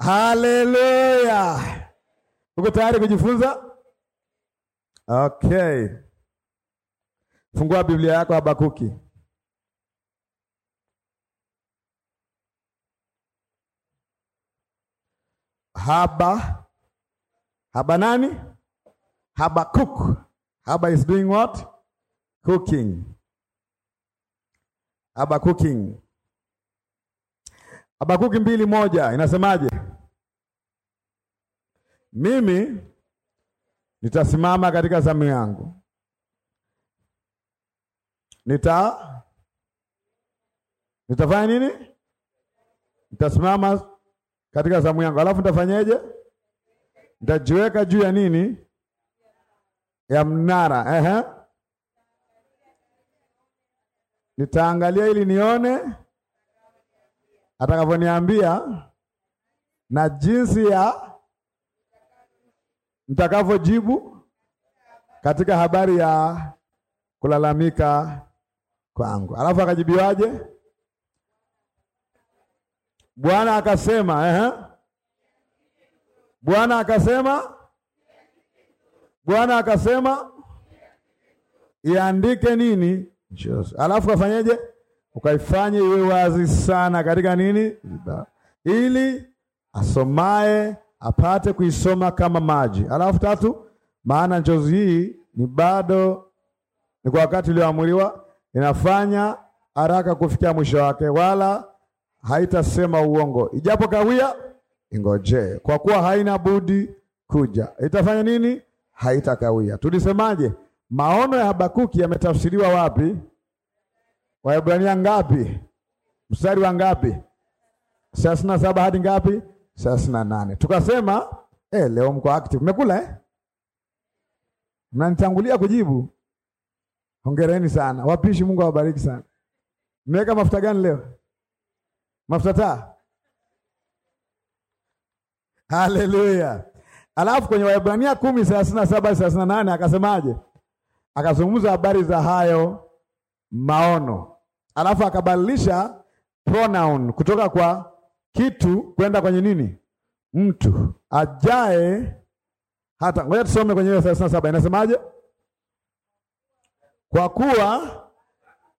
Haleluya! Uko tayari kujifunza? Okay. Fungua Biblia yako Habakuki. Haba Haba nani? Habakuk. Haba is doing what? Cooking. Habakuki mbili moja inasemaje? Mimi nitasimama katika zamu yangu, nita nitafanya nini? Nitasimama katika zamu yangu, alafu nitafanyeje? Nitajiweka juu ya nini? Ya mnara. Ehe, nitaangalia ili nione atakavyoniambia na jinsi ya nitakavyojibu katika habari ya kulalamika kwangu. Alafu akajibiwaje? Bwana akasema eh? Bwana akasema, Bwana akasema iandike nini? Alafu afanyeje? Ukaifanye iwe wazi sana katika nini, ili asomaye apate kuisoma kama maji. Alafu tatu, maana njozi hii ni bado ni kwa wakati ulioamriwa, inafanya haraka kufikia mwisho wake, wala haitasema uongo, ijapo kawia ingojee, kwa kuwa haina budi kuja. Itafanya nini? Haitakawia. Tulisemaje? Maono ya Habakuki yametafsiriwa wapi? Waebrania ngapi? Mstari wa ngapi? thelathini na saba hadi ngapi? thelathini na nane tukasema eh, leo mko active. Mmekula eh? Mnanitangulia kujibu. Hongereni sana wapishi, Mungu awabariki sana. Mmeweka mafuta gani leo? Mafuta taa. Haleluya. Alafu kwenye Waebrania kumi thelathini na saba thelathini na nane akasemaje? Akazungumza habari za hayo maono, alafu akabadilisha pronoun kutoka kwa kitu kwenda kwenye nini? Mtu ajae hata. Ngoja tusome kwenye hiyo thelathini na saba inasemaje? Kwa kuwa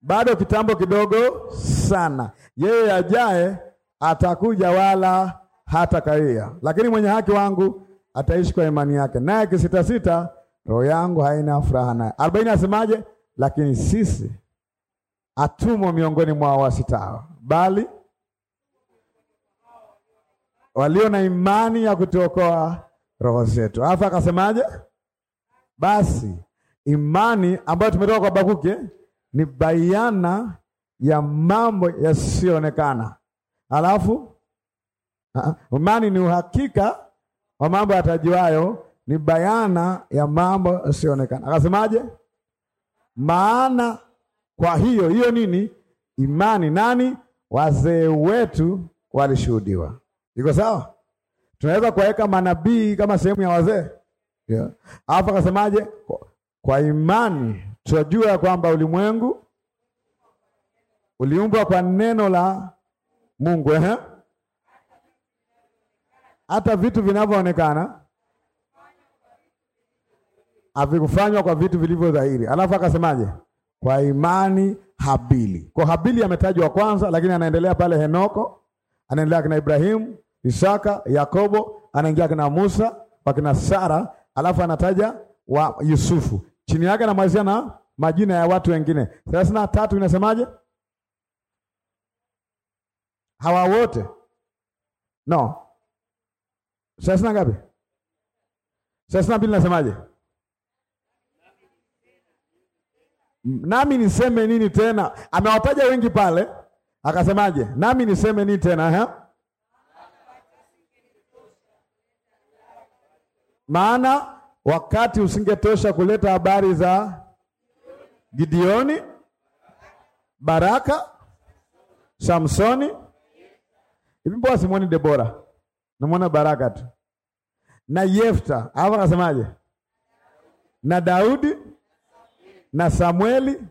bado kitambo kidogo sana, yeye ajae atakuja wala hata kaia lakini mwenye haki wangu ataishi kwa imani yake, naye kisitasita, roho yangu haina furaha naye. arobaini asemaje? Lakini sisi atumo miongoni mwa wasitao, bali walio na imani ya kutuokoa roho zetu. Alafu akasemaje? Basi imani ambayo tumetoka kwa Bakuke ni bayana ya mambo yasiyoonekana. Alafu ah, imani ni uhakika wa mambo yatajiwayo, ni bayana ya mambo yasiyoonekana. Akasemaje? Maana kwa hiyo hiyo nini? Imani nani? Wazee wetu walishuhudiwa. Iko sawa? Tunaweza kuwaweka manabii kama sehemu ya wazee yeah. Alafu akasemaje? Kwa imani tunajua kwamba ulimwengu uliumbwa kwa neno la Mungu eh? Hata vitu vinavyoonekana havikufanywa kwa vitu vilivyo dhahiri. Alafu akasemaje? Kwa imani Habili. Kwa Habili ametajwa kwanza, lakini anaendelea pale Henoko, anaendelea kina Ibrahimu Isaka, Yakobo, anaingia kina Musa, wakina Sara, alafu anataja wa Yusufu. Chini yake anamalizia na majina ya watu wengine. thelathini na tatu inasemaje? Hawa wote no, thelathini na ngapi? thelathini na mbili inasemaje? Nami niseme nini tena? Amewataja wengi pale, akasemaje? Nami niseme nini tena ha? Eh? maana wakati usingetosha kuleta habari za Gideoni, Baraka, Samsoni. Hivi mbona simuoni Debora? Namwona Baraka tu na Yefta. Hapo anasemaje? Na Daudi na Samueli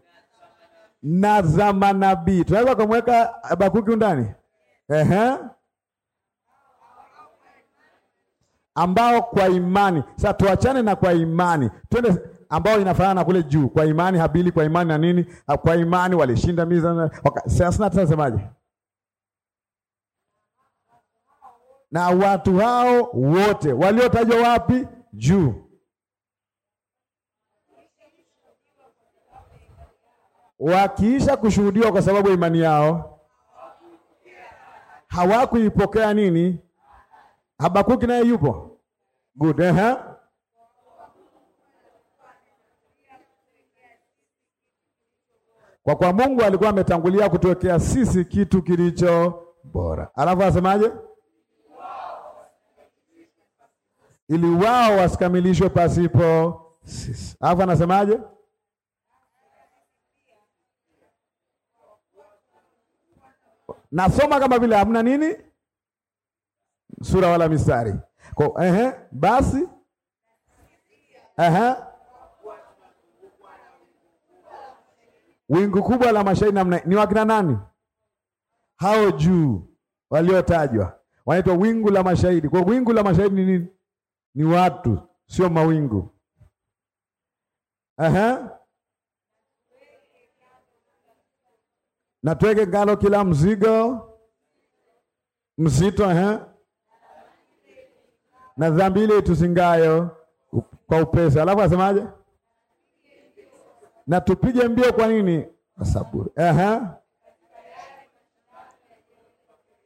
na za manabii. Tunaweza kumweka Habakuki ndani? Ehe. ambao kwa imani sasa, tuachane na kwa imani, twende ambao inafanana na kule juu, kwa imani Habili, kwa imani na nini, ah, kwa imani walishinda miza. Sasa nasemaje? Na watu hao wote waliotajwa wapi? Juu. Wakiisha kushuhudiwa kwa sababu ya imani yao, hawakuipokea nini? Habakuki naye yupo good, eh? Kwa kuwa Mungu alikuwa ametangulia kutuwekea sisi kitu kilicho bora, alafu asemaje? Ili wao wasikamilishwe pasipo sisi. Alafu anasemaje? Nasoma kama vile hamna nini sura wala mistari kwa, eh, basi eh, wingu kubwa la mashahidi namna ni wakina nani hao juu waliotajwa wanaitwa wingu la mashahidi. Kwa wingu la mashahidi ni nini? Ni watu, sio mawingu. Aha. Na tuweke ngalo kila mzigo mzito, aha na dhambi ile itusingayo kwa upesi. Alafu asemaje? Na tupige mbio kwa nini? Kwa saburi. Aha.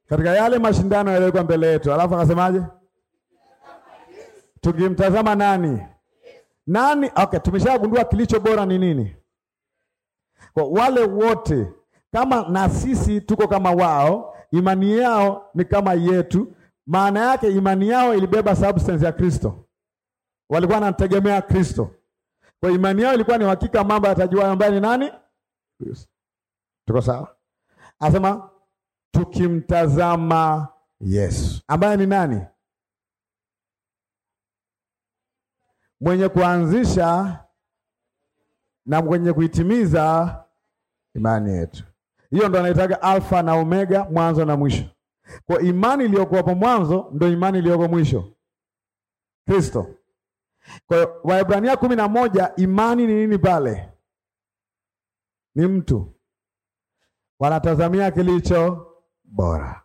Katika yale mashindano yaliyokuwa mbele yetu. Alafu akasemaje? Tukimtazama nani? Nani? Okay, tumeshagundua kilicho bora ni nini? Kwa wale wote kama na sisi tuko kama wao, imani yao ni kama yetu maana yake imani yao ilibeba substance ya Kristo, walikuwa wanategemea Kristo. Kwa imani yao ilikuwa ni hakika mambo yatajua ambaye ni nani? Kristo. Tuko sawa? asema tukimtazama Yesu ambaye ni nani? Mwenye kuanzisha na mwenye kuitimiza imani yetu. Hiyo ndo anaitaga Alfa na Omega, mwanzo na mwisho. Kwa imani iliyokuwapo mwanzo ndio imani iliyoko mwisho, Kristo. Kwa hiyo Waebrania kumi na moja, imani ni nini pale? Ni mtu wanatazamia kilicho bora.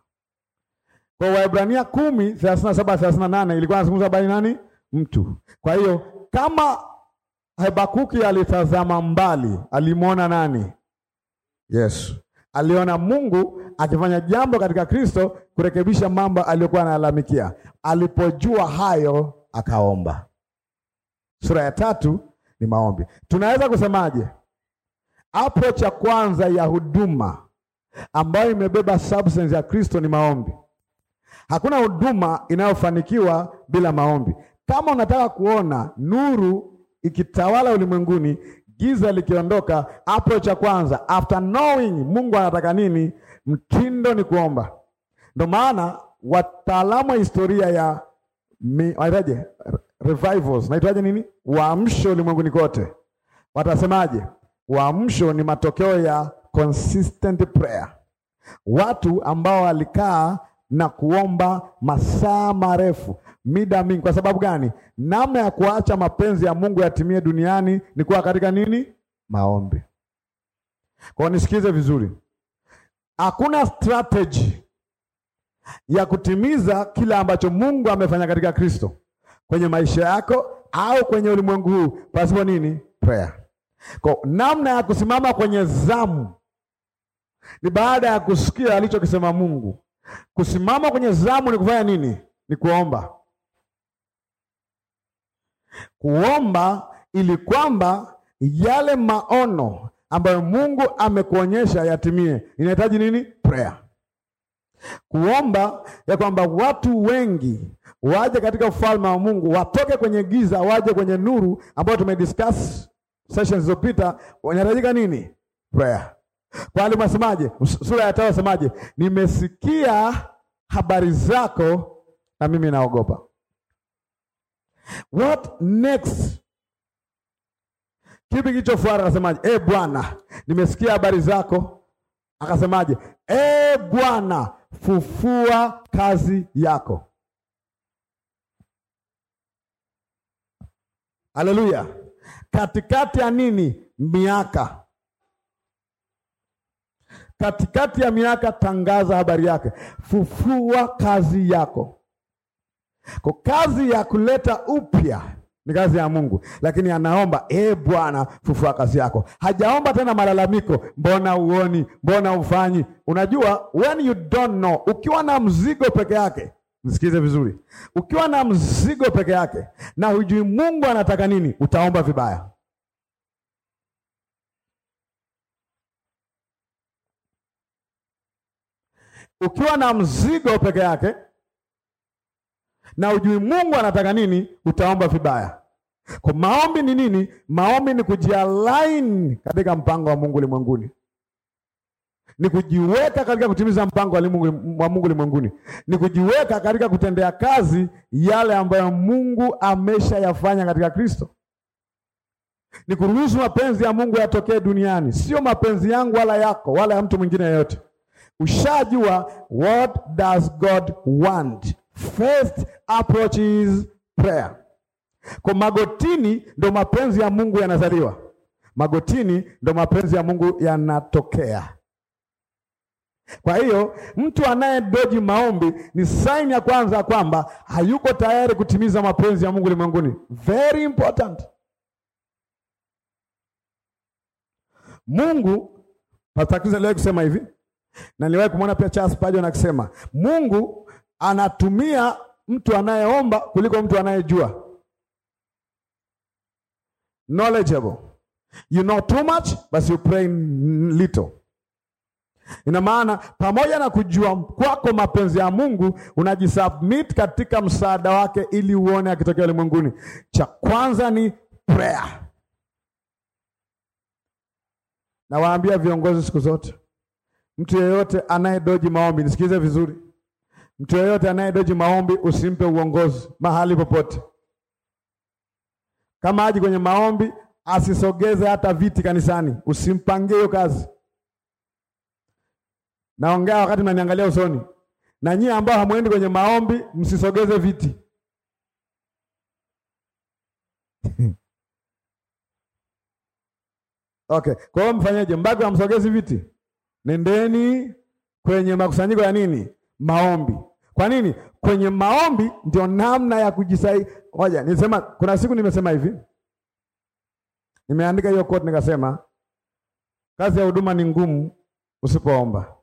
Kwa Waebrania kumi thelathini na saba thelathini na nane ilikuwa nazungumza habari nani? Mtu. Kwa hiyo kama Habakuki alitazama mbali, alimwona nani? Yesu. Aliona Mungu akifanya jambo katika Kristo kurekebisha mambo aliyokuwa analalamikia. Alipojua hayo akaomba. Sura ya tatu ni maombi. Tunaweza kusemaje? Approach ya kwanza ya huduma ambayo imebeba substance ya Kristo ni maombi. Hakuna huduma inayofanikiwa bila maombi. Kama unataka kuona nuru ikitawala ulimwenguni, giza likiondoka, approach ya kwanza after knowing Mungu anataka nini Mtindo ni kuomba. Ndio maana wataalamu wa historia ya waitaje revivals, naitaje nini, waamsho ulimwenguni kote, watasemaje? Waamsho ni matokeo ya consistent prayer, watu ambao walikaa na kuomba masaa marefu, mida mingi. Kwa sababu gani? Namna ya kuacha mapenzi ya Mungu yatimie duniani ni kuwa katika nini? Maombi. Kwa nisikize vizuri Hakuna strategy ya kutimiza kila ambacho Mungu amefanya katika Kristo kwenye maisha yako au kwenye ulimwengu huu pasipo nini? Prayer. Kwa namna ya kusimama kwenye zamu ni baada ya kusikia alichokisema Mungu. Kusimama kwenye zamu ni kufanya nini? Ni kuomba. Kuomba ili kwamba yale maono ambayo Mungu amekuonyesha yatimie, inahitaji nini? Prayer, kuomba ya kwamba watu wengi waje katika ufalme wa Mungu, watoke kwenye giza waje kwenye nuru, ambayo tumediscuss sessions zilizopita. Wanahitajika nini? Prayer. Kwa hali masemaje? Sura ya tano wasemaje? Nimesikia habari zako na mimi naogopa. What next? Kipi kilichofuata? Akasemaje? E Bwana, nimesikia habari zako. Akasemaje? E Bwana, fufua kazi yako. Haleluya! katikati ya nini? Miaka, katikati ya miaka, tangaza habari yake, fufua kazi yako, kwa kazi ya kuleta upya ni kazi ya Mungu, lakini anaomba e Bwana, fufua kazi yako. Hajaomba tena malalamiko, mbona uoni, mbona ufanyi. Unajua, when you don't know, ukiwa na mzigo peke yake, msikize vizuri, ukiwa na mzigo peke yake na hujui Mungu anataka nini, utaomba vibaya. Ukiwa na mzigo peke yake na ujui Mungu anataka nini, utaomba vibaya. Kwa maombi ni nini? Maombi ni kujialign katika mpango wa Mungu ulimwenguni, ni kujiweka katika kutimiza mpango wa Mungu ulimwenguni, ni kujiweka katika kutendea kazi yale ambayo Mungu ameshayafanya katika Kristo, ni kuruhusu mapenzi ya Mungu yatokee duniani, sio mapenzi yangu wala yako wala ya mtu mwingine yeyote. Ushajua what does God want? First approach is prayer. Kwa magotini ndo mapenzi ya Mungu yanazaliwa, magotini ndo mapenzi ya Mungu yanatokea. Kwa hiyo mtu anayedoji maombi ni saini ya kwanza kwamba hayuko tayari kutimiza mapenzi ya Mungu limwenguni Very important. Mungu patakiza kusema hivi, na niliwahi kumwona pia Charles Spurgeon akisema Mungu anatumia mtu anayeomba kuliko mtu anayejua knowledgeable. You know too much but you pray little. Ina maana pamoja na kujua kwako mapenzi ya Mungu unajisubmit katika msaada wake ili uone akitokea ulimwenguni. Cha kwanza ni prayer. Nawaambia viongozi siku zote, mtu yeyote anayedoji maombi, nisikize vizuri, mtu yeyote anayedoji maombi usimpe uongozi mahali popote. Kama aji kwenye maombi, asisogeze hata viti kanisani, usimpangie hiyo kazi. Naongea wakati mnaniangalia usoni, na nyie ambao hamwendi kwenye maombi, msisogeze viti Okay, kwa hiyo mfanyeje? Mbaki amsogezi viti, nendeni kwenye makusanyiko ya nini? Maombi. Kwa nini? Kwenye maombi ndio namna ya kujisai. Ngoja nisema, kuna siku nimesema hivi, nimeandika hiyo quote nikasema, kazi ya huduma ni ngumu usipoomba.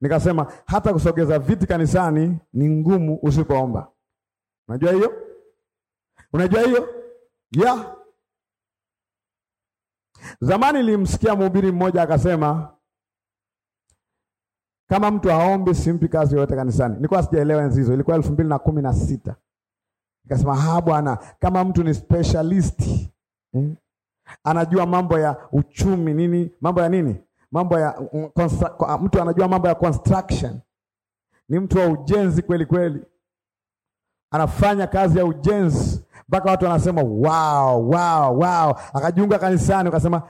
Nikasema hata kusogeza viti kanisani ni ngumu usipoomba. Unajua hiyo? Unajua hiyo? Yeah. Zamani nilimsikia mhubiri mmoja akasema kama mtu aombi simpi kazi yoyote kanisani. Nilikuwa sijaelewa enzi hizo, ilikuwa elfu mbili na kumi na sita. Nikasema ha, bwana, kama mtu ni specialist eh? anajua mambo ya uchumi nini, mambo ya nini, mambo ya mm, ah, mtu anajua mambo ya construction, ni mtu wa ujenzi kweli kweli, anafanya kazi ya ujenzi mpaka watu wanasema wow, wow, wow. Akajiunga kanisani, akasema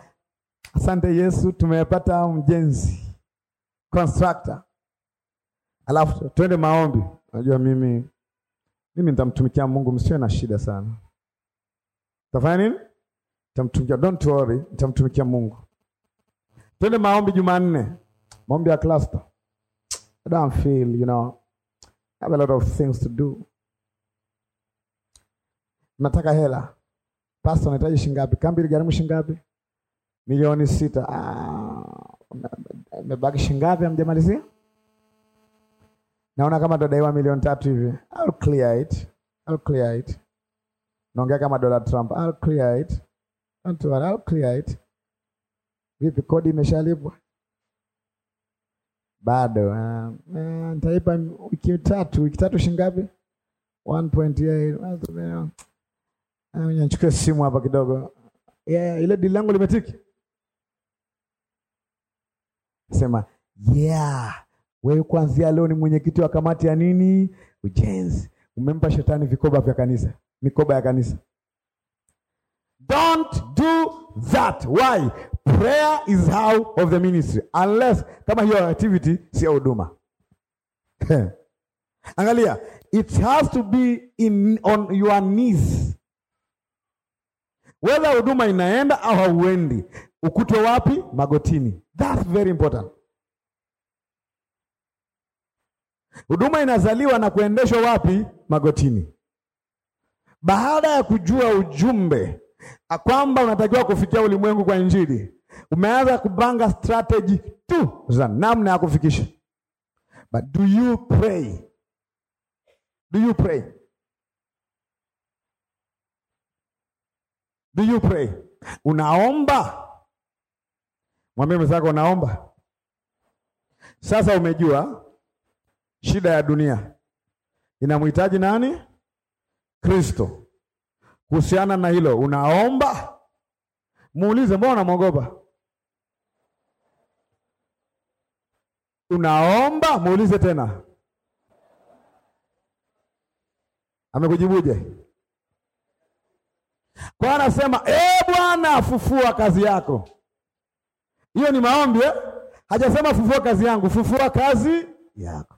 asante Yesu, tumepata mjenzi constructor. Alafu twende maombi. Unajua mimi mimi nitamtumikia Mungu, msiwe na shida sana. Tafanya nini? Nitamtumikia, don't worry, nitamtumikia Mungu. Twende maombi Jumanne. Maombi ya cluster. I don't feel, you know, I have a lot of things to do. Nataka hela. Pastor, unahitaji shilingi ngapi? Kambi ile gharimu shilingi ngapi? Milioni sita. Ah, Imebaki shingapi amjamalizia? Naona kama tutadaiwa milioni tatu hivi. I'll clear it. I'll clear it. Naongea kama Donald Trump. I'll clear it. Don't worry, I'll clear it. Vipi kodi imeshalipwa? Bado. Uh, nitaipa wiki tatu, wiki tatu shingapi? 1.8. Ah, nichukue simu hapa kidogo. Yeah, ile dili langu limetiki sema yeah, wewe kuanzia leo ni mwenyekiti wa kamati ya nini? Ujenzi. Umempa shetani vikoba vya kanisa, mikoba ya kanisa. Don't do that. Why? Prayer is how of the ministry. Unless kama hiyo activity si huduma. Angalia, it has to be in on your knees. Whether huduma inaenda au hauendi, ukutwe wapi? Magotini. That's very important. Huduma inazaliwa na kuendeshwa wapi? Magotini. Baada ya kujua ujumbe kwamba unatakiwa kufikia ulimwengu kwa Injili, umeanza kupanga strategy tu za namna ya kufikisha. But do you pray? Do you pray? Do you pray? Unaomba? Mwambie mwenzako naomba sasa. Umejua shida ya dunia inamhitaji nani? Kristo. Kuhusiana na hilo, unaomba muulize, mbona unamwogopa? Unaomba muulize tena, amekujibuje? Kwa anasema, e Bwana, fufua kazi yako hiyo ni maombi eh? Hajasema fufua kazi yangu, fufua kazi yako.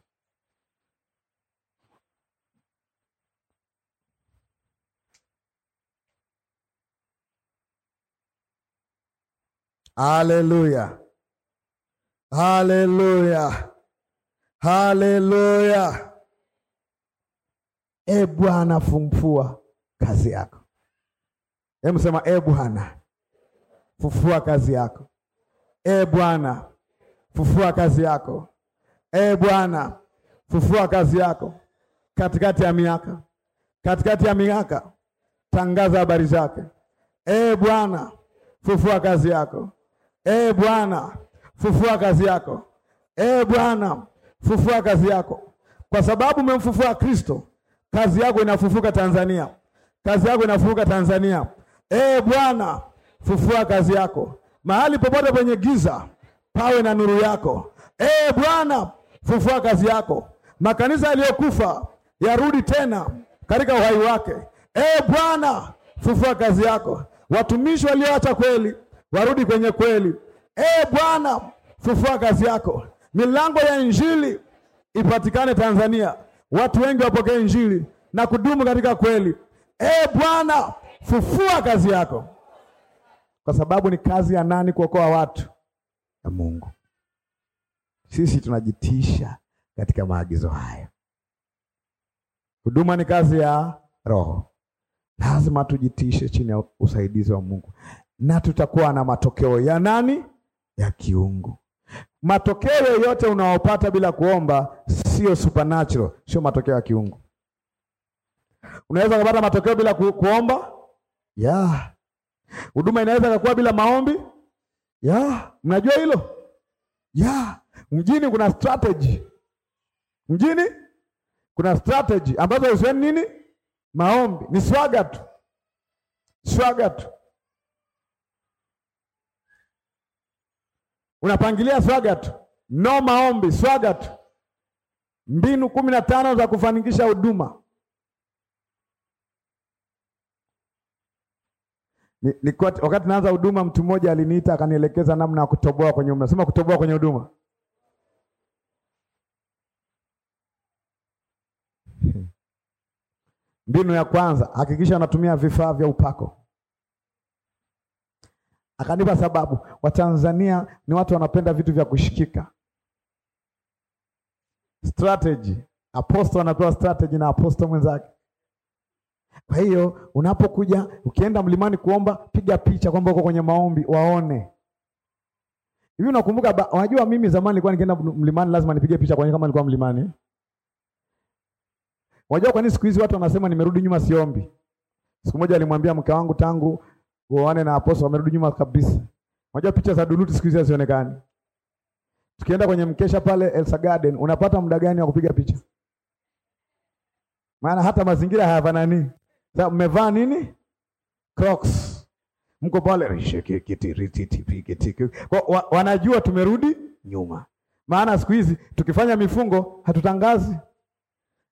Haleluya, haleluya, haleluya! E Bwana, fufua kazi yako. Hebu sema, e Bwana, fufua kazi yako. E Bwana, fufua kazi yako. E Bwana, fufua kazi yako katikati ya miaka, katikati ya miaka, tangaza habari zake. E Bwana, fufua kazi yako. E Bwana, fufua kazi yako. E Bwana, fufua kazi yako, kwa sababu umemfufua Kristo. Kazi yako inafufuka Tanzania, kazi yako inafufuka Tanzania. E Bwana, fufua kazi yako mahali popote penye giza pawe na nuru yako. e Bwana, fufua kazi yako, makanisa yaliyokufa yarudi tena katika uhai wake. e Bwana, fufua kazi yako, watumishi walioacha kweli warudi kwenye kweli. e Bwana, fufua kazi yako, milango ya injili ipatikane Tanzania, watu wengi wapokee injili na kudumu katika kweli. e Bwana, fufua kazi yako kwa sababu ni kazi ya nani kuokoa watu? Ya Mungu. Sisi tunajitisha katika maagizo hayo. Huduma ni kazi ya Roho, lazima tujitishe chini ya usaidizi wa Mungu, na tutakuwa na matokeo ya nani? Ya kiungu. Matokeo yoyote unaopata bila kuomba sio supernatural, sio matokeo ya kiungu. Unaweza kupata matokeo bila ku kuomba ya yeah. Huduma inaweza kakuwa bila maombi ya, mnajua hilo ya. Mjini kuna strategy, mjini kuna strategy ambazo hazihusiani nini, maombi. Ni swaga tu, swaga tu, unapangilia swaga tu, no maombi, swaga tu. Mbinu kumi na tano za kufanikisha huduma. Ni, ni kwa, wakati naanza huduma mtu mmoja aliniita akanielekeza namna ya kutoboa kwenye huduma. Sema kutoboa kwenye huduma. Mbinu ya kwanza, hakikisha unatumia vifaa vya upako. Akanipa sababu, Watanzania ni watu wanapenda vitu vya kushikika. Strategy. Apostle anapewa strategy na apostle mwenzake. Kwa hiyo unapokuja ukienda mlimani kuomba, piga picha kwamba uko kwenye maombi waone. Hivi unakumbuka, unajua mimi zamani nilikuwa nikienda mlimani lazima nipige picha kwa kama nilikuwa mlimani. Unajua kwa nini siku hizi watu wanasema nimerudi nyuma siombi? Siku moja alimwambia mke wangu tangu waone na aposto wamerudi nyuma kabisa. Unajua picha za duluti siku hizi hazionekani. Tukienda kwenye mkesha pale Elsa Garden, unapata muda gani wa kupiga picha? Maana hata mazingira hayafanani za mmevaa nini? Crocs. Mko pale kwa, wanajua tumerudi nyuma, maana siku hizi tukifanya mifungo hatutangazi.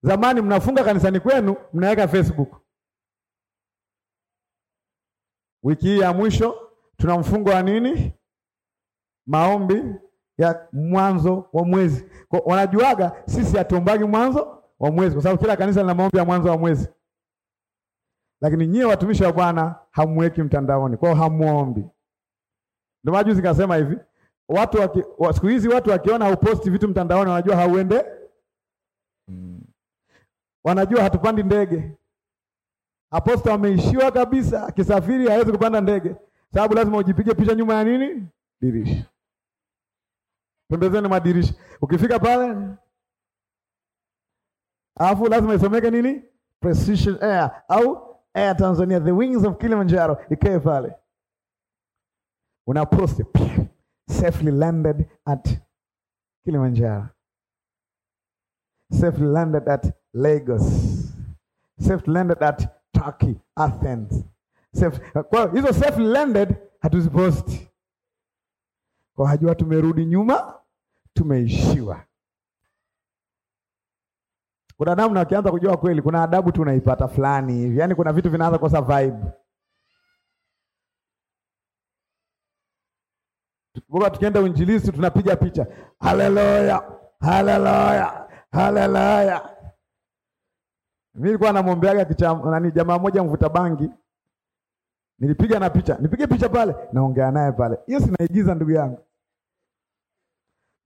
Zamani mnafunga kanisani kwenu, mnaweka Facebook. Wiki hii ya mwisho tuna mfungo wa nini? Maombi ya mwanzo wa mwezi. Kwa wanajuaga sisi hatuombagi mwanzo wa mwezi, kwa sababu kila kanisa lina maombi ya mwanzo wa mwezi. Lakini nyie watumishi wa Bwana hamweki mtandaoni, kwao hamuombi. Ndio maana juzi nikasema hivi, watu wa siku hizi watu wakiona uposti vitu mtandaoni wanajua hauende, wanajua hatupandi ndege. Aposto ameishiwa kabisa, akisafiri hawezi kupanda ndege, sababu lazima ujipige picha nyuma ya nini, dirisha, pembezeni madirisha, Ukifika pale alafu lazima isomeke nini, precision air au Air Tanzania, the wings of Kilimanjaro, ikae pale, una post safely landed at Kilimanjaro, safely landed at Lagos, safely landed at Turkey, Athens. Safe. Kwa hizo safely landed hatuziposti, kwa hajua tumerudi nyuma, tumeishiwa kuna namna ukianza kujua kweli, kuna adabu tu unaipata fulani hivi, yaani kuna vitu vinaanza kukosa vibe. Bora tukienda uinjilisti tunapiga picha, haleluya, haleluya, haleluya. Mimi nilikuwa namwombeaga kicha nani, jamaa mmoja mvuta bangi, nilipiga na picha, nipige picha pale, naongea naye pale, hiyo sinaigiza ndugu yangu.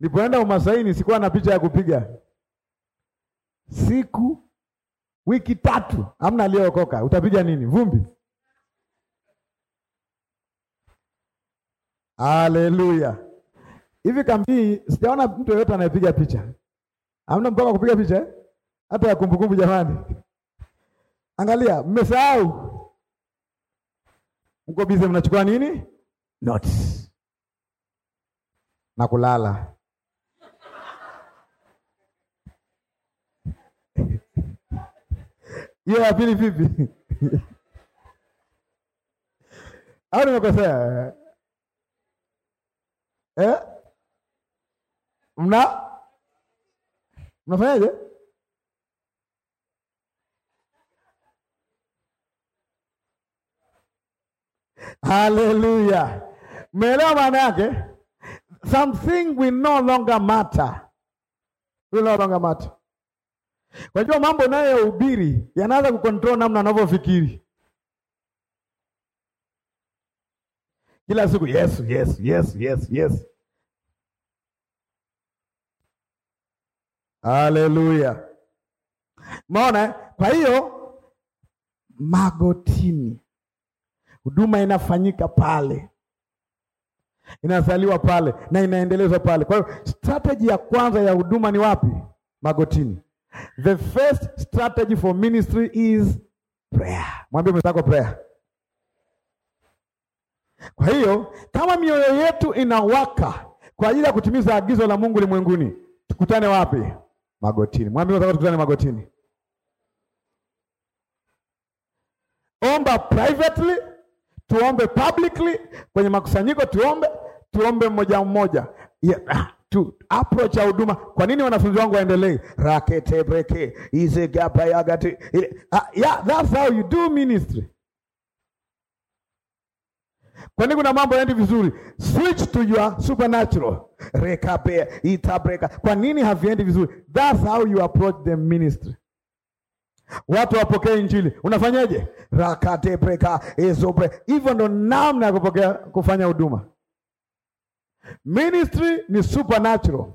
Nilipoenda Umasaini sikuwa na picha ya kupiga siku wiki tatu, hamna aliyeokoka. Utapiga nini? Vumbi. Haleluya! Hivi kambi sijaona mtu yeyote anayepiga picha. Hamna mpaka kupiga picha eh? Hata ya kumbukumbu jamani. Angalia, mmesahau. Mko bize mnachukua nini? Notes. Na kulala. hiyo ya pili vipi? au nimekosea eh? mna mnafanyaje? Haleluya, mmeelewa maana yake? Something will no longer matter, will no longer matter Unajua mambo nayo ya ubiri yanaanza kukontrol namna anavyofikiri kila siku. Yesu, Yesu, Yesu, Yesu, Yesu. Haleluya! Maona, kwa hiyo magotini, huduma inafanyika pale, inazaliwa pale na inaendelezwa pale. Kwa hiyo strategy ya kwanza ya huduma ni wapi? Magotini. The first strategy for ministry is prayer. Mwambie mwenzako prayer. Kwa hiyo kama mioyo yetu inawaka kwa ajili ya kutimiza agizo la Mungu limwenguni, tukutane wapi? Magotini. Mwambie mwenzako tukutane magotini. Omba privately, tuombe publicly, kwenye makusanyiko tuombe, tuombe mmoja mmoja. Yeah to approach ya huduma. Kwa nini wanafunzi wangu waendelee rakete breke ize gapa ya gati uh, ah, yeah, that's how you do ministry. Kwa nini kuna mambo yaendi vizuri? Switch to your supernatural rekabe itabreka. Kwa nini haviendi vizuri? That's how you approach the ministry. Watu wapokee Injili, unafanyaje? rakate breka ezobre. Hivyo ndo namna ya kupokea kufanya huduma. Ministry ni supernatural,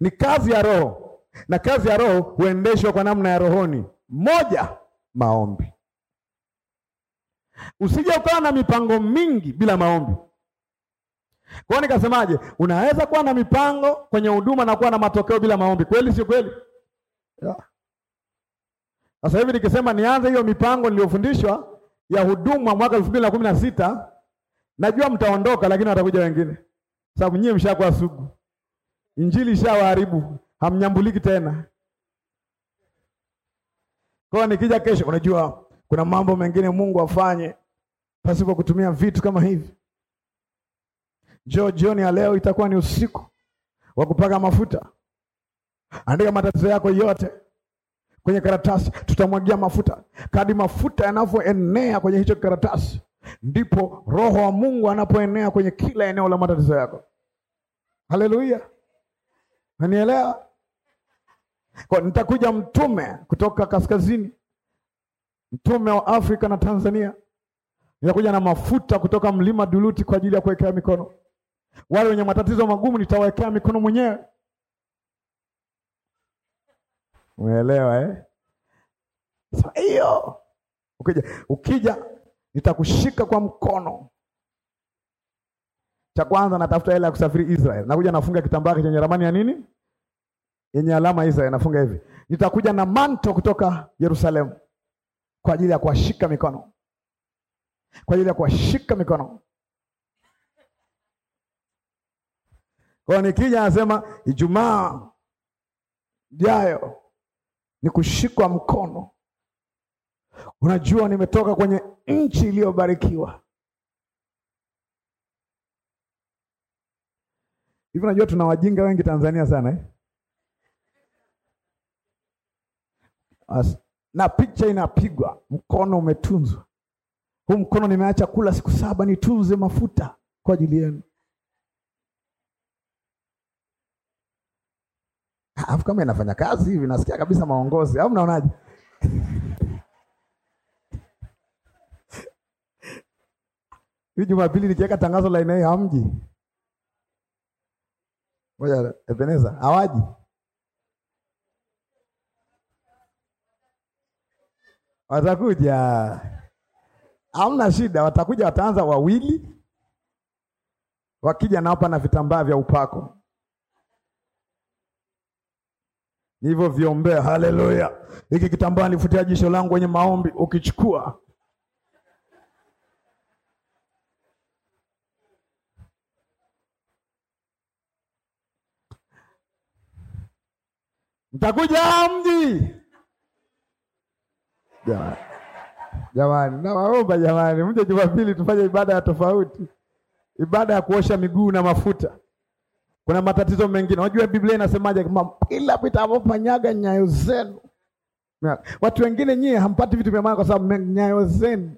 ni kazi ya Roho, na kazi ya Roho huendeshwa kwa namna ya rohoni. Moja, maombi. Usije ukawa na mipango mingi bila maombi. Kwa hiyo nikasemaje, unaweza kuwa na mipango kwenye huduma na kuwa na matokeo bila maombi. Kweli sio kweli? Sasa hivi nikisema nianze hiyo mipango niliyofundishwa ya huduma mwaka elfu mbili na kumi na sita najua mtaondoka, lakini watakuja wengine sababu nyie mshakuwa sugu, injili ishawaharibu, hamnyambuliki tena. Kwa nikija kesho, unajua kuna mambo mengine Mungu afanye pasipo kutumia vitu kama hivi. jo jioni ya leo itakuwa ni usiku wa kupaka mafuta. Andika matatizo yako yote kwenye karatasi, tutamwagia mafuta. kadi mafuta yanavyoenea kwenye hicho karatasi, ndipo Roho wa Mungu anapoenea kwenye kila eneo la matatizo yako. Haleluya, unanielewa? kwa nitakuja mtume kutoka kaskazini, mtume wa Afrika na Tanzania. Nitakuja na mafuta kutoka mlima Duluti kwa ajili ya kuwekea mikono wale wenye matatizo magumu, nitawawekea mikono mwenyewe. Umeelewa eh? Sasa hiyo ukija, ukija nitakushika kwa mkono cha kwanza natafuta hela ya kusafiri Israel. Nakuja nafunga kitambaa chenye ramani ya nini? Yenye alama Israel nafunga hivi. Nitakuja na manto kutoka Yerusalemu kwa ajili ya kuwashika mikono. Kwa ajili ya kuwashika mikono. Kwa nikija anasema Ijumaa jayo ni kushikwa mkono. Unajua nimetoka kwenye nchi iliyobarikiwa. Hivi unajua tuna wajinga wengi Tanzania sana eh? As, na picha inapigwa, mkono umetunzwa. Huu mkono nimeacha kula siku saba, nitunze mafuta kwa ajili yenu. Alafu kama inafanya kazi hivi, nasikia kabisa maongozi, au mnaonaje? Hii Jumapili nikiweka tangazo la aina hiyo hamji. Ngoja Ebeneza awaji. Watakuja, hamna shida, watakuja. Wataanza wawili, wakija nawapa na vitambaa vya upako nivyo viombea. Haleluya! hiki kitambaa nifutia jisho langu wenye maombi, ukichukua mtakuja mji. Jamani, jamani, nawaomba jamani, mje Jumapili tufanye ibada ya tofauti, ibada ya kuosha miguu na mafuta. Kuna matatizo mengine, unajua Biblia inasemaje? Ila mtakapokanyaga nyayo zenu. Watu wengine nyie hampati vitu vya maana kwa sababu nyayo zenu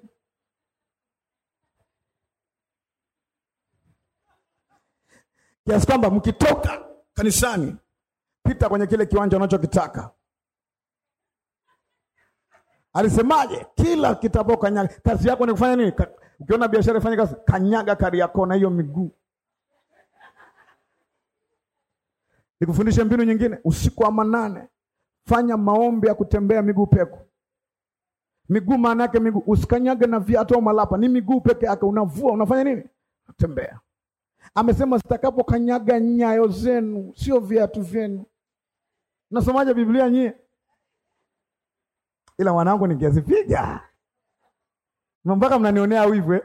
kiasi kwamba mkitoka kanisani pita kwenye kile kiwanja unachokitaka. Alisemaje? Kila kitapo kanyaga. Kazi yako ni kufanya nini? ukiona biashara ifanye kazi, kanyaga kari yako na hiyo miguu. Nikufundishe mbinu nyingine, usiku wa manane fanya maombi ya kutembea miguu peku. Miguu maana yake miguu, usikanyage na viatu au malapa, ni miguu peke yake. Unavua unafanya nini? Tembea. Amesema sitakapo kanyaga nyayo zenu, sio viatu vyenu. Nasomaje Biblia nyie? Ila mwanangu, ningezipiga mpaka mnanionea wivu eh?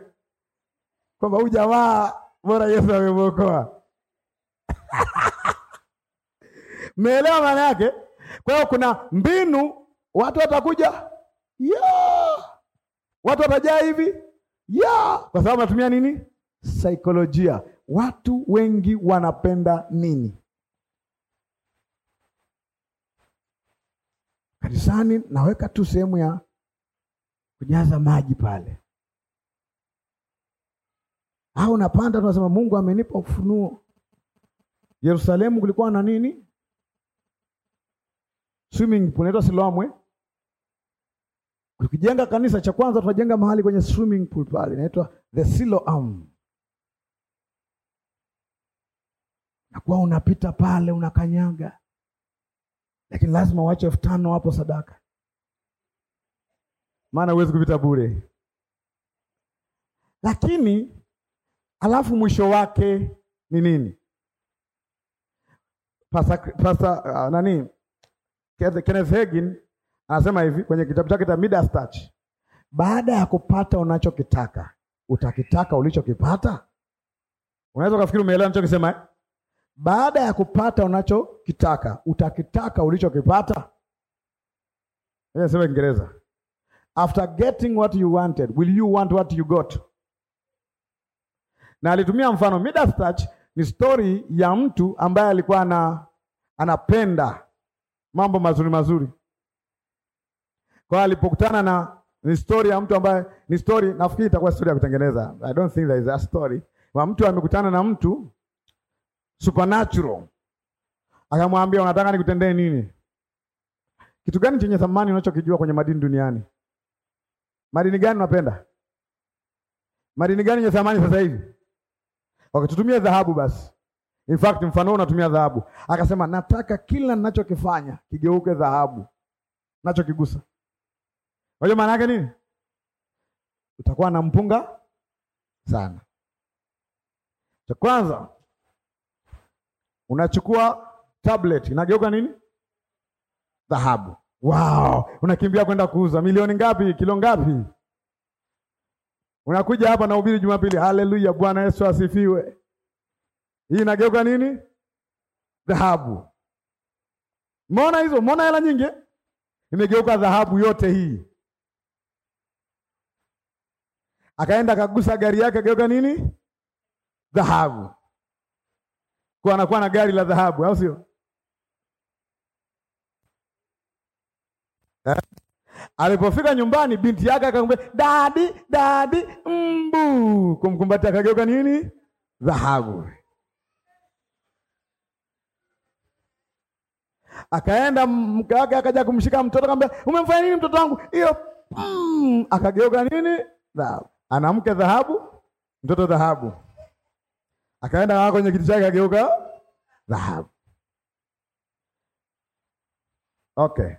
kwamba huyu jamaa bora Yesu amemwokoa. Meelewa maana yake? Kwa hiyo kuna mbinu, watu watakuja yo, Watu watajaa hivi yo, kwa sababu natumia nini? Saikolojia. Watu wengi wanapenda nini? Kanisani naweka tu sehemu ya kujaza maji pale, au napanda, tunasema Mungu amenipa ufunuo. Yerusalemu kulikuwa na nini? Swimming pool inaitwa Siloamwe. Ukijenga kanisa cha kwanza tunajenga mahali kwenye swimming pool pale, inaitwa the Siloam. Nakuwa unapita pale unakanyaga lakini lazima uache elfu tano hapo sadaka, maana huwezi kupita bure. Lakini alafu mwisho wake ni nini? Pasa, pasa, uh, nani Kenneth Hagin anasema hivi kwenye kitabu chake cha Midas Touch, baada ya kupata unachokitaka utakitaka ulichokipata. Unaweza ukafikiri umeelewa eh? Baada ya kupata unachokitaka, utakitaka ulichokipata. Sema Kiingereza, after getting what you wanted will you want what you got? Na alitumia mfano Midas touch ni stori ya mtu ambaye alikuwa ana, anapenda mambo mazuri mazuri. Kwa alipokutana na ni story ya mtu ambaye ni story, nafikiri itakuwa story ya kutengeneza. I don't think there is a story. Wa mtu amekutana na mtu supernatural. Akamwambia, unataka nikutendee nini? Kitu gani chenye thamani unachokijua kwenye madini duniani? Madini gani unapenda? Madini gani yenye thamani sasa hivi? Wakitutumia dhahabu basi. In fact, mfano unatumia dhahabu. Akasema nataka kila ninachokifanya kigeuke dhahabu. Nachokigusa. Unajua maana yake nini? Utakuwa na mpunga sana. Cha kwanza Unachukua tablet inageuka nini? Dhahabu. Wow, unakimbia kwenda kuuza. Milioni ngapi? Kilo ngapi? Unakuja hapa na ubiri Jumapili. Haleluya, Bwana Yesu asifiwe. Hii inageuka nini? Dhahabu. mona hizo? mona hela nyingi imegeuka dhahabu yote hii. Akaenda akagusa gari yake, geuka nini? Dhahabu kwa anakuwa na gari la dhahabu, au sio? Eh? Alipofika nyumbani, binti yake akamwambia dadi, dadi, mbu, kumkumbatia akageuka nini? Dhahabu. Akaenda mke wake akaja kumshika mtoto, akamwambia umemfanya nini mtoto wangu? Hiyo mm, akageuka nini? Dhahabu. Anamke dhahabu, mtoto dhahabu akaenda kwenye kiti chake akageuka dhahabu. Okay,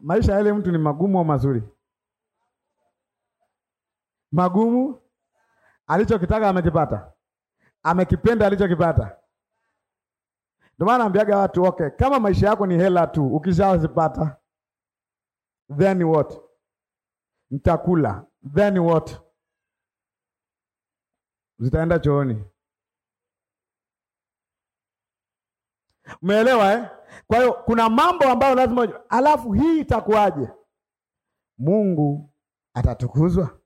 maisha yale mtu ni magumu au mazuri? Magumu. Alichokitaka amekipata, amekipenda alichokipata. Ndio maana naambiaga watu okay, kama maisha yako ni hela tu, ukishazipata then what? Nitakula then what? zitaenda chooni. Umeelewa eh? Kwa hiyo kuna mambo ambayo lazima, alafu hii itakuwaje? Mungu atatukuzwa,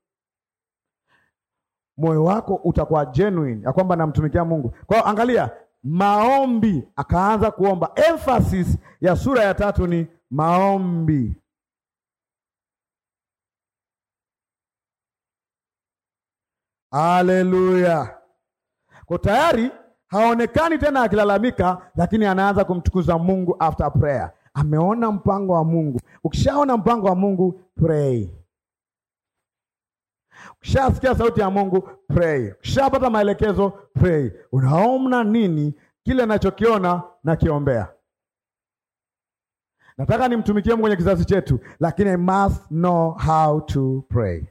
moyo wako utakuwa genuine ya kwamba namtumikia Mungu. Kwa hiyo angalia maombi, akaanza kuomba. Emphasis ya sura ya tatu ni maombi. Haleluya! Kwa tayari haonekani tena akilalamika, lakini anaanza kumtukuza Mungu after prayer. Ameona mpango wa Mungu. Ukishaona mpango wa Mungu, pray. Ukishasikia sauti ya Mungu, pray. Ukishapata maelekezo, pray. Unaomna nini? Kile nachokiona nakiombea. Nataka nimtumikie Mungu kwenye kizazi chetu, lakini I must know how to pray.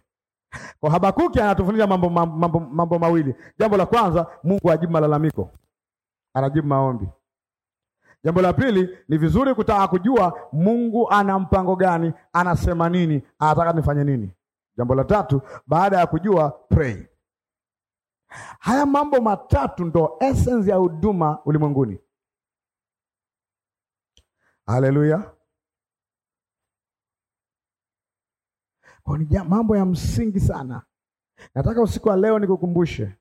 Kwa Habakuki anatufundisha mambo, mambo, mambo mawili. Jambo la kwanza, Mungu ajibu malalamiko, anajibu maombi. Jambo la pili, ni vizuri kutaka kujua Mungu ana mpango gani, anasema nini, anataka nifanye nini. Jambo la tatu, baada ya kujua pray. Haya mambo matatu ndo essence ya huduma ulimwenguni. Haleluya! ni mambo ya msingi sana. Nataka usiku wa leo nikukumbushe,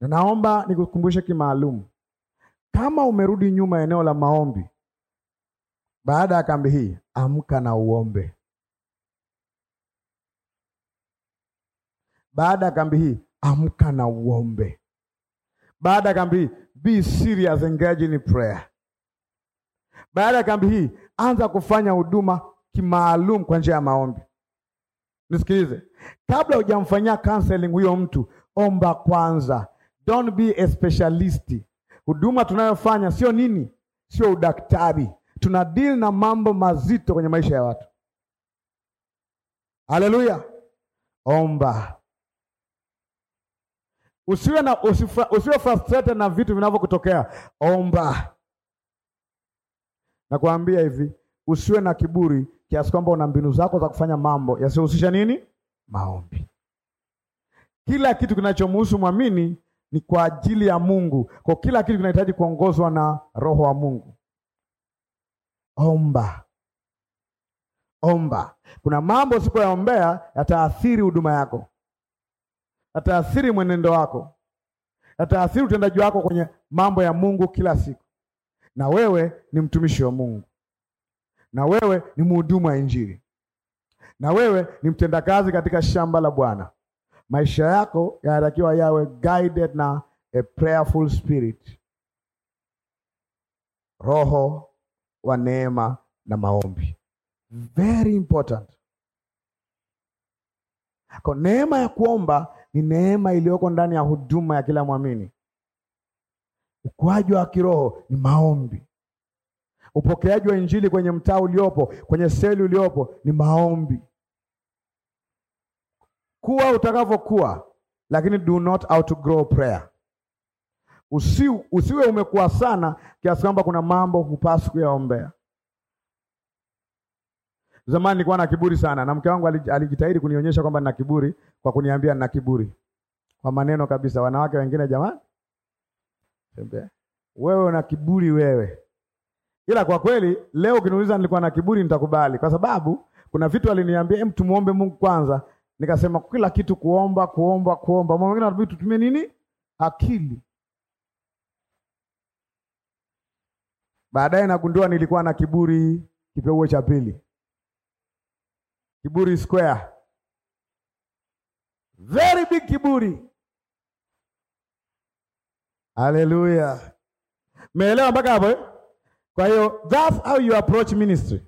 na naomba nikukumbushe kimaalum. Kama umerudi nyuma eneo la maombi baada ya kambi hii, amka na uombe. Baada ya kambi hii, amka na uombe. Baada ya kambi hii, be serious, engage in prayer. Baada ya kambi hii, anza kufanya huduma kimaalum kwa njia ya maombi. Nisikilize, kabla hujamfanyia counseling huyo mtu, omba kwanza. Don't be a specialist. Huduma tunayofanya sio nini, sio udaktari. Tuna deal na mambo mazito kwenye maisha ya watu. Haleluya, omba. Usiwe na usifra, usiwe frustrated na vitu vinavyokutokea, omba. Nakwambia hivi, usiwe na kiburi kiasi kwamba una mbinu zako za kufanya mambo yasiyohusisha nini? Maombi. Kila kitu kinachomhusu mwamini ni kwa ajili ya Mungu. Kwa kila kitu kinahitaji kuongozwa na Roho wa Mungu. Omba, omba. Kuna mambo usipoyaombea yataathiri huduma yako, yataathiri mwenendo wako, yataathiri utendaji wako kwenye mambo ya Mungu kila siku, na wewe ni mtumishi wa Mungu na wewe ni mhudumu wa Injili, na wewe ni mtendakazi katika shamba la Bwana. Maisha yako yanatakiwa yawe guided na a prayerful spirit, roho wa neema na maombi. Very important. Kwa neema ya kuomba ni neema iliyoko ndani ya huduma ya kila mwamini. Ukuaji wa kiroho ni maombi. Upokeaji wa injili kwenye mtaa uliopo, kwenye seli uliopo ni maombi. Kuwa utakavyokuwa, lakini do not outgrow prayer. Usi, usiwe umekuwa sana kiasi kwamba kuna mambo hupaswi kuyaombea. Zamani nilikuwa na kiburi sana, na mke wangu alijitahidi kunionyesha kwamba nina kiburi kwa kuniambia nina kiburi kwa maneno kabisa. Wanawake wengine jamani, wewe una kiburi wewe Ila kwa kweli leo ukiniuliza nilikuwa na kiburi, nitakubali kwa sababu kuna vitu aliniambia, hem, tumuombe Mungu kwanza. Nikasema kila kitu kuomba, kuomba, kuomba. Mambo mengine tunabidi tutumie nini? Akili. Baadaye nagundua nilikuwa na kiburi kipeuo cha pili, kiburi square, very big kiburi. Haleluya, meelewa mpaka hapo eh? Kwa hiyo that's how you approach ministry.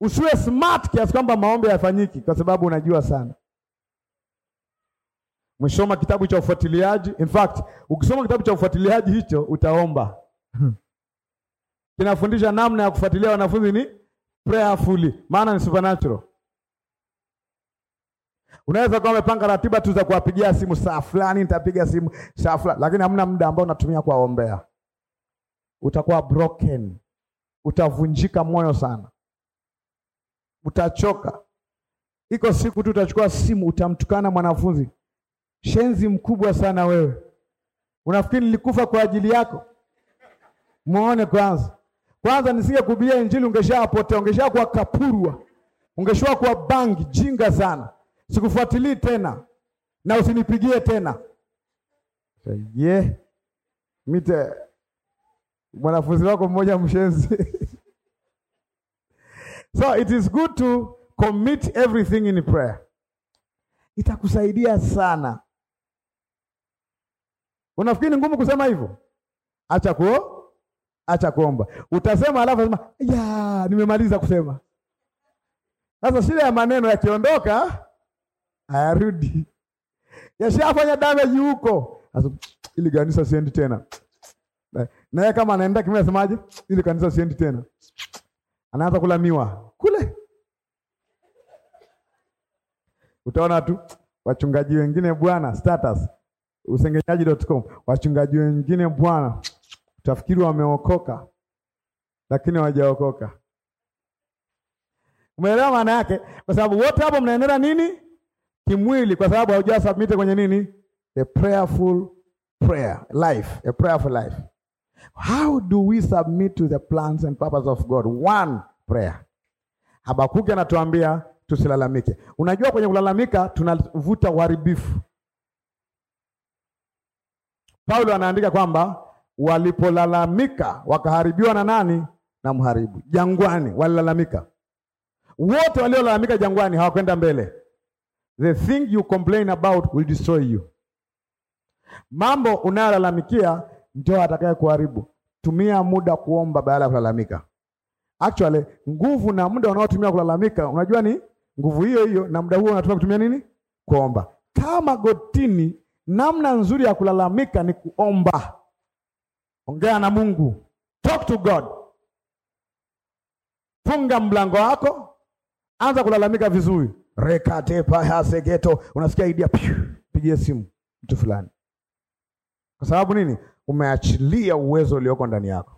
Usiwe smart kiasi kwamba maombi hayafanyiki kwa sababu unajua sana. Umesoma kitabu cha ufuatiliaji. In fact, ukisoma kitabu cha ufuatiliaji hicho utaomba. Kinafundisha namna ya kufuatilia wanafunzi ni prayerfully, maana ni supernatural. Unaweza kuwa umepanga ratiba tu za kuwapigia simu saa fulani, nitapiga simu saa fulani, lakini hamna muda ambao unatumia kuwaombea utakuwa broken, utavunjika moyo sana, utachoka. Iko siku tu utachukua simu, utamtukana mwanafunzi, shenzi mkubwa sana wewe, unafikiri nilikufa kwa ajili yako? Muone kwanza kwanza, nisingekuhubiria Injili ungeshapotea, ungeshakuwa kapurwa, kuwa bangi, jinga sana. Sikufuatilii tena na usinipigie tena. Yeah. Mite mwanafunzi wako mmoja mshenzi. So it is good to commit everything in prayer. Itakusaidia sana. Unafikiri ni ngumu kusema hivyo? Acha kuo, acha kuomba. Utasema alafu sema, "Ya, nimemaliza kusema." Sasa shida ya maneno yakiondoka, hayarudi. Yashafanya damage huko. Sasa ili ganisa siendi tena. Na yeye kama anaenda kimya asemaje? Ili kanisa siendi tena. Anaanza kula miwa kule. Utaona tu wachungaji wengine bwana status usengenyaji.com, wachungaji wengine bwana, utafikiri wameokoka lakini hawajaokoka. Umeelewa maana yake? Kwa sababu wote hapo mnaendelea nini kimwili, kwa sababu haujasubmit kwenye nini, a prayerful prayer life, a prayerful life. How do we submit to the plans and purpose of God? One, prayer. Habakuki anatuambia tusilalamike. Unajua, kwenye kulalamika tunavuta uharibifu. Paulo anaandika kwamba walipolalamika wakaharibiwa na nani? Na mharibu. Jangwani walilalamika wote, waliolalamika jangwani hawakwenda mbele. The thing you complain about will destroy you. Mambo unayolalamikia ndio atakaye kuharibu. Tumia muda kuomba badala ya kulalamika. Actually, nguvu na muda unaotumia kulalamika, unajua ni nguvu hiyo hiyo, na muda huo unatumia kutumia nini? Kuomba. Kama gotini, namna nzuri ya kulalamika ni kuomba. Ongea na Mungu, talk to God. Funga mlango wako, anza kulalamika vizuri. rekate pa hasegeto, unasikia idea, pigie simu mtu fulani. Kwa sababu nini? umeachilia uwezo ulioko ndani yako.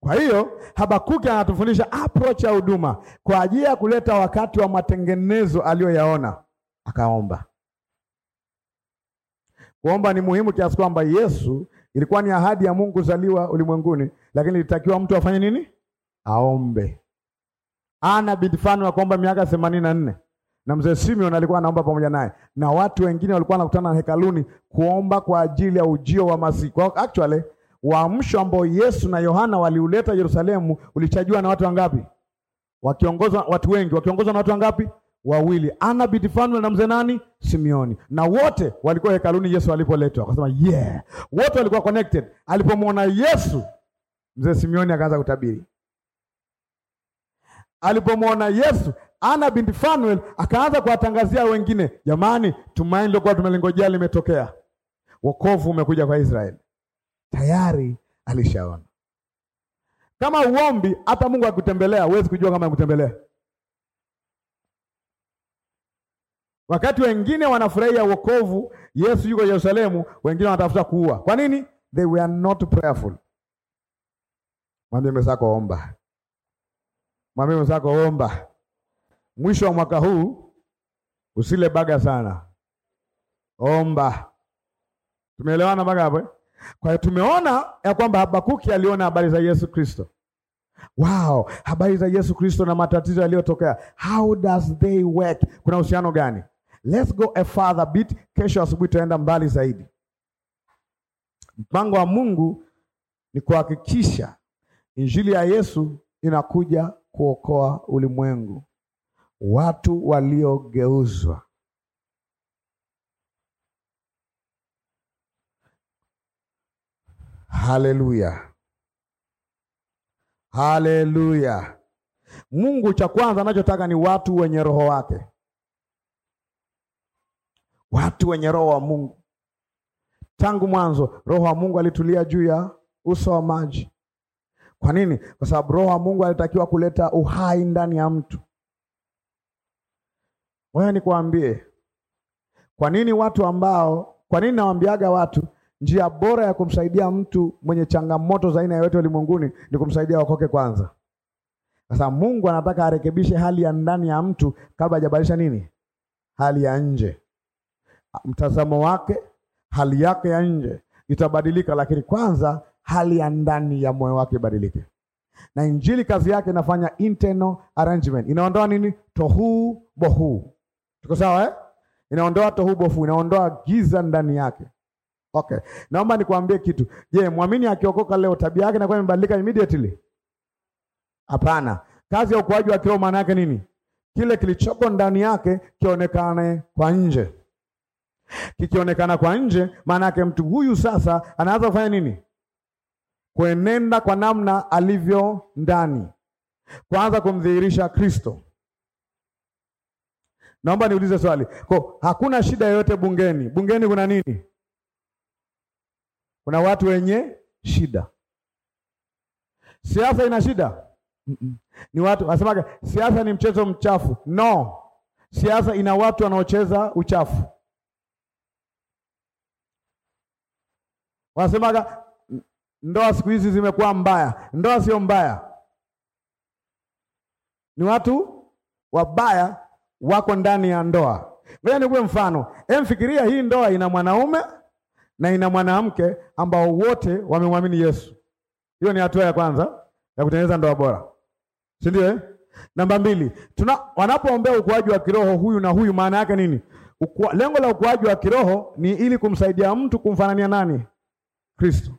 Kwa hiyo Habakuki anatufundisha approach ya huduma kwa ajili ya kuleta wakati wa matengenezo aliyoyaona, akaomba. Kuomba ni muhimu kiasi kwamba Yesu ilikuwa ni ahadi ya Mungu zaliwa ulimwenguni, lakini ilitakiwa mtu afanye nini? Aombe. Ana binti Fani wa kuomba miaka themanini na nne na mzee Simeon alikuwa anaomba pamoja naye, na watu wengine walikuwa wanakutana na hekaluni kuomba kwa ajili ya ujio wa Masihi. Kwa actually waamsho ambao Yesu na Yohana waliuleta Yerusalemu ulichajua na watu wangapi? Wakiongozwa watu wengi, wakiongozwa na watu wangapi? Wawili, Ana binti Fanueli na mzee nani, Simeoni, na wote walikuwa hekaluni Yesu alipoletwa. Akasema yeah, wote walikuwa connected. Alipomwona Yesu, mzee Simeoni akaanza kutabiri. Alipomwona Yesu ana binti Fanuel akaanza kuwatangazia wengine, jamani, tumaini lilokuwa tumelingojea limetokea, wokovu umekuja kwa Israeli. Tayari alishaona. Kama uombi, hata Mungu akutembelea, huwezi kujua kama akutembelea. Wakati wengine wanafurahia wokovu, Yesu yuko Yerusalemu, wengine wanatafuta kuua. Kwa nini? They were not prayerful. Mwambie mwenzako omba, mwambie mwenzako omba mwisho wa mwaka huu usile baga sana, omba. Tumeelewana mpaka hapo? Eh? Kwa hiyo tumeona ya kwamba Habakuki aliona habari za Yesu Kristo. Wow, habari za Yesu Kristo na matatizo yaliyotokea, how does they work? Kuna uhusiano gani? Let's go a further bit. Kesho asubuhi tutaenda mbali zaidi. Mpango wa Mungu ni kuhakikisha injili ya Yesu inakuja kuokoa ulimwengu watu waliogeuzwa. Haleluya, haleluya. Mungu cha kwanza anachotaka ni watu wenye roho wake, watu wenye roho wa Mungu. Tangu mwanzo roho wa Mungu alitulia juu ya uso wa maji. Kwa nini? Kwa sababu roho wa Mungu alitakiwa kuleta uhai ndani ya mtu. Wewe nikuambie kwa nini watu ambao, kwa nini nawaambiaga watu njia bora ya kumsaidia mtu mwenye changamoto za aina yoyote ulimwenguni ni kumsaidia wakoke kwanza. Sasa Mungu anataka arekebishe hali ya ndani ya mtu kabla hajabadilisha nini, hali ya nje. Mtazamo wake, hali yake ya nje itabadilika, lakini kwanza hali ya ndani ya moyo wake ibadilike. Na injili kazi yake inafanya internal arrangement, inaondoa nini, tohu bohu Tuko sawa eh? Inaondoa tohubofu, inaondoa giza ndani yake. Okay. Naomba nikuambie kitu. Je, mwamini akiokoka leo tabia yake inakuwa imebadilika immediately? Hapana. Kazi ya ukuaji wa kiroho maana yake nini? Kile kilichoko ndani yake kionekane kwa nje. Kikionekana kwa nje, maana yake mtu huyu sasa anaanza kufanya nini? Kuenenda kwa namna alivyo ndani, kwanza kumdhihirisha Kristo. Naomba niulize swali. Kwa hakuna shida yoyote bungeni. Bungeni kuna nini? Kuna watu wenye shida. Siasa ina shida? Mm -mm. Ni watu wasemaga siasa ni mchezo mchafu. No. Siasa ina watu wanaocheza uchafu. Wasemaga ndoa siku hizi zimekuwa mbaya. Ndoa sio mbaya. Ni watu wabaya wako ndani ya ndoa. Ngoja nikupe mfano. Emfikiria hii ndoa ina mwanaume na ina mwanamke ambao wote wamemwamini Yesu. Hiyo ni hatua ya kwanza ya kutengeneza ndoa bora, si ndio? Eh, namba mbili, tuna wanapoombea ukuaji wa kiroho huyu na huyu, maana yake nini? Ukua, lengo la ukuaji wa kiroho ni ili kumsaidia mtu kumfanania nani? Kristo.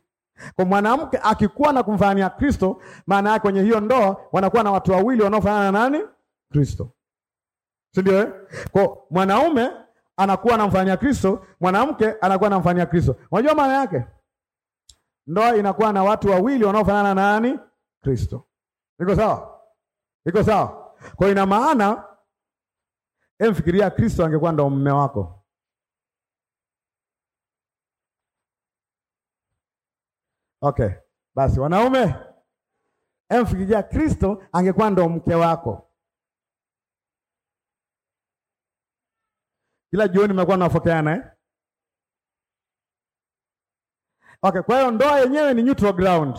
Kwa mwanamke akikuwa na kumfanania Kristo, maana yake kwenye hiyo ndoa wanakuwa na watu wawili wanaofanana na nani? Kristo si ndio? Eh? Kwa mwanaume anakuwa anamfanyia Kristo, mwanamke anakuwa anamfanyia Kristo. Unajua maana yake? Ndoa inakuwa na watu wawili wanaofanana na nani? Kristo. Iko sawa? Iko sawa? Kwa ina maana emfikiria Kristo angekuwa ndo mume wako. Okay. Basi wanaume, emfikiria Kristo angekuwa ndo mke wako. Kila jioni mnakuwa mnafokeana eh? Okay, kwa hiyo ndoa yenyewe ni neutral ground.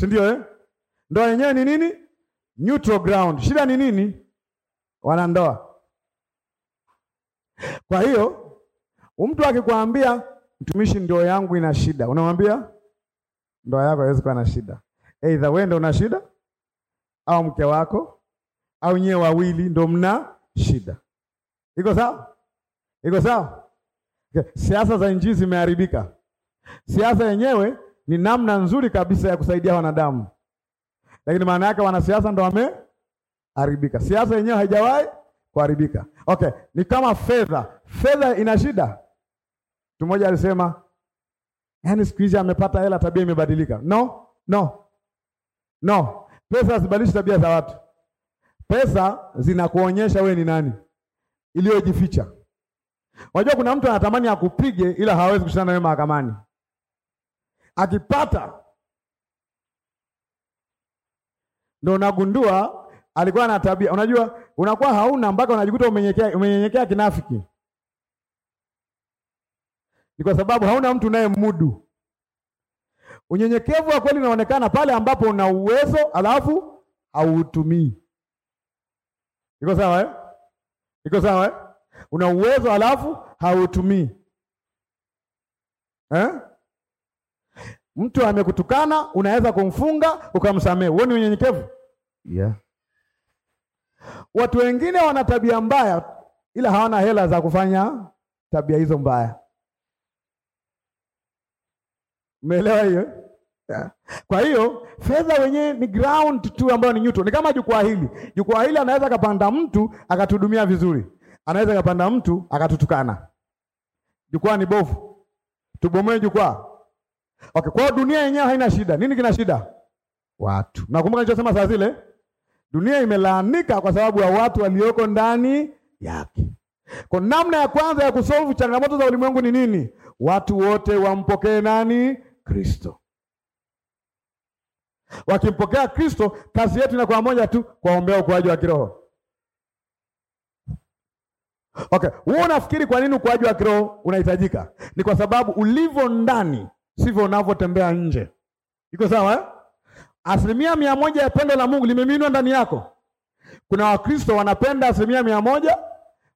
Si ndio eh? Ndoa yenyewe ni nini? Neutral ground. Shida ni nini? wana ndoa Kwa hiyo mtu akikwambia mtumishi, ndoa yangu ina shida, unamwambia ndoa yako haiwezi kuwa na shida. Either wewe ndio una shida au mke wako au nyewe wawili ndio mna shida. Iko sawa? Iko sawa? Siasa za injili zimeharibika. Siasa yenyewe ni namna nzuri kabisa ya kusaidia wanadamu, lakini maana yake wanasiasa ndo wameharibika. Siasa yenyewe haijawahi kuharibika. Okay, ni kama fedha. Fedha ina shida. Mtu mmoja alisema yaani, siku hizi amepata hela, tabia imebadilika. No, no, no, pesa hazibadilishi tabia za watu. Pesa zinakuonyesha we ni nani, iliyojificha Unajua kuna mtu anatamani akupige ila hawezi kushana nawe mahakamani. Akipata ndio nagundua alikuwa na tabia. Unajua unakuwa hauna mpaka unajikuta umenyenyekea, umenyenyekea kinafiki. Ni kwa sababu hauna mtu naye mudu. Unyenyekevu wa kweli unaonekana pale ambapo una uwezo alafu hauutumii. Iko sawa eh? Iko sawa eh? Una uwezo alafu hautumii eh? Mtu amekutukana unaweza kumfunga ukamsamehe. Huo ni unyenyekevu yeah. Watu wengine wana tabia mbaya, ila hawana hela za kufanya tabia hizo mbaya. Umeelewa hiyo? Yeah. Kwa hiyo fedha wenyewe ni ground tu ambayo ni neutral, ni kama jukwaa hili. Jukwaa hili anaweza akapanda mtu akatuhudumia vizuri Anaweza kapanda mtu akatutukana, jukwaa ni bovu, tubomoe jukwaa. Okay, kwa dunia yenyewe haina shida. Nini kina shida? Watu. Nakumbuka nilichosema saa zile, dunia imelaanika kwa sababu ya watu walioko ndani yake. Kwa namna ya kwanza ya kusolve changamoto za ulimwengu ni nini? Watu wote wampokee nani? Kristo. Wakimpokea Kristo, kazi yetu inakuwa moja tu, kuwaombea ukuaji wa kiroho. Okay, wewe unafikiri kwa nini ukuaji wa kiroho unahitajika? Ni kwa sababu ulivyo ndani sivyo unavyotembea nje. Iko sawa eh? Asilimia mia moja ya pendo la Mungu limemiminwa ndani yako. Kuna Wakristo wanapenda asilimia mia moja,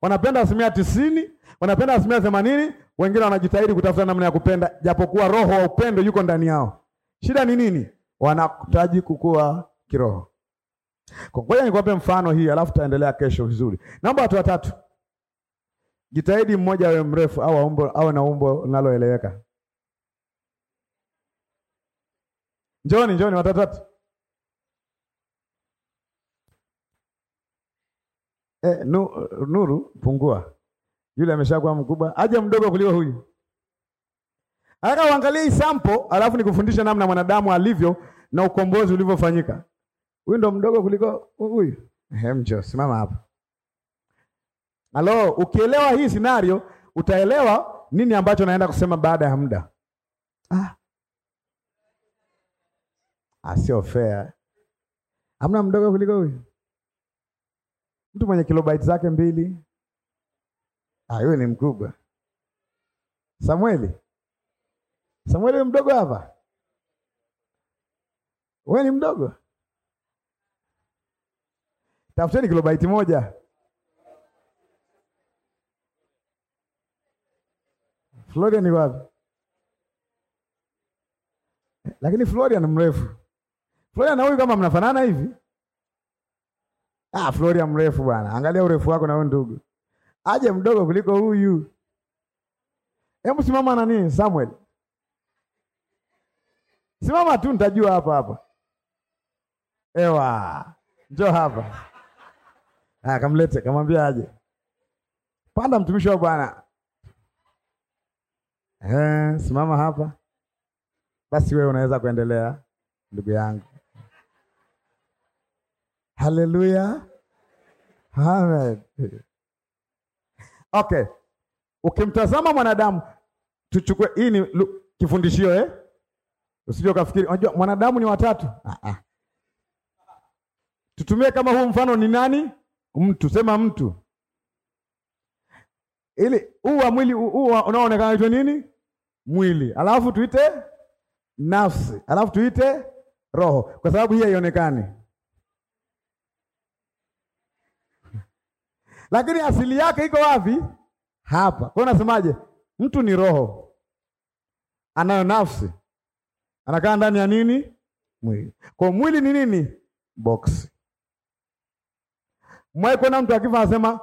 wanapenda asilimia tisini, wanapenda asilimia themanini, wengine wanajitahidi kutafuta namna ya kupenda, japokuwa roho wa upendo yuko ndani yao. Shida ni nini? Wanahitaji kukua kiroho. Ngoja nikuwape mfano hii, alafu taendelea kesho vizuri. Namba watu watatu Jitahidi mmoja awe mrefu au umbo au na umbo linaloeleweka. Njoni, njoni watatatu. Eh, nu, nuru pungua. Yule ameshakuwa mkubwa, aje mdogo kuliko huyu. Aka uangalie sample, alafu nikufundisha namna mwanadamu alivyo na ukombozi ulivyofanyika. Huyu ndo mdogo kuliko huyu. Hem, njoo simama hapa. Halo, ukielewa hii scenario utaelewa nini ambacho naenda kusema baada ya muda. Ah. ah. Sio fair. Hamna mdogo kuliko huyu. Mtu mwenye kilobyte zake mbili. Ah, yule ni mkubwa. Samueli. Samueli mdogo hapa. Wewe ni mdogo. Tafuteni kilobyte moja. Florian ni wapi? Lakini Florian mrefu. Florian na huyu kama mnafanana hivi? Ah, Florian mrefu bwana. Angalia urefu wako na wewe ndugu. Aje mdogo kuliko huyu. Hebu simama nini Samuel. Simama tu nitajua hapa hapa. Ewa. Njoo hapa. Ah, kamlete, kamwambia aje. Panda mtumishi wa Bwana. Eh, simama hapa basi, wewe unaweza kuendelea ndugu yangu. Haleluya, amen. Okay, ukimtazama mwanadamu, tuchukue hii ni kifundishio eh? Usije ukafikiri unajua mwanadamu ni watatu. Ah ah, tutumie kama huu mfano. Ni nani? Mtu, sema mtu ili huu wa mwili huu unaoonekana itwe nini? Mwili, alafu tuite nafsi, alafu tuite roho, kwa sababu hii haionekani, lakini asili yake iko wapi? Hapa. Kwa hiyo nasemaje? Mtu ni roho, anayo nafsi, anakaa ndani ya nini? Mwili. Kwa mwili ni nini? Boksi. Mwaiko na mtu akifa anasema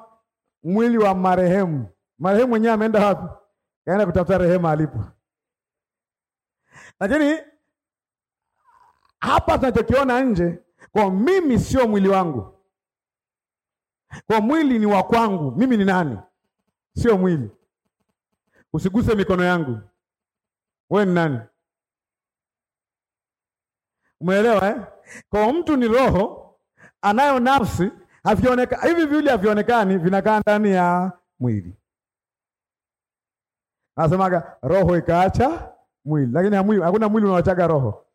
mwili wa marehemu Marehemu mwenyewe ameenda wapi? Kaenda kutafuta rehema alipo. Lakini hapa tunachokiona nje, kwa mimi sio mwili wangu, kwa mwili ni wa kwangu. Mimi ni nani? Sio mwili. Usiguse mikono yangu. We ni nani? Umeelewa eh? Kwa mtu ni roho, anayo nafsi, havionekani hivi viwili, havionekani, vinakaa ndani ya mwili. Anasemaga roho ikaacha mwili, lakini hakuna mwili unaochaga roho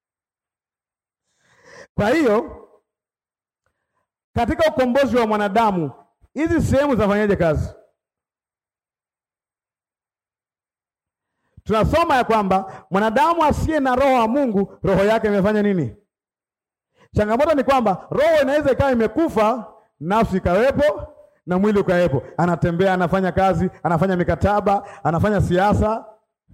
kwa hiyo katika ukombozi wa mwanadamu hizi sehemu zinafanyaje kazi? Tunasoma ya kwamba mwanadamu asiye na roho wa Mungu, roho yake imefanya nini? Changamoto ni kwamba roho inaweza ikawa imekufa, nafsi ikawepo na mwili ukawepo. Anatembea, anafanya kazi, anafanya mikataba, anafanya siasa,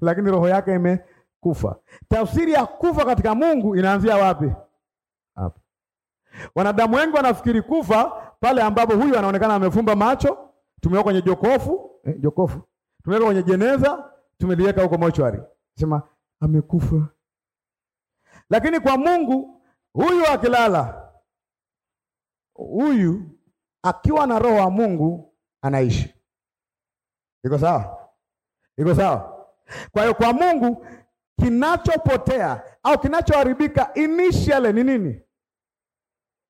lakini roho yake imekufa. Tafsiri ya kufa katika Mungu inaanzia wapi? Hapo. Wanadamu wengi wanafikiri kufa pale ambapo huyu anaonekana amefumba macho, tumewekwa kwenye jokofu, eh, jokofu. tumewekwa kwenye jeneza, tumeliweka huko mochwari. Sema amekufa. Lakini kwa Mungu huyu akilala huyu akiwa na roho wa Mungu anaishi. Iko sawa? Iko sawa? Kwa hiyo kwa Mungu kinachopotea au kinachoharibika initially ni nini?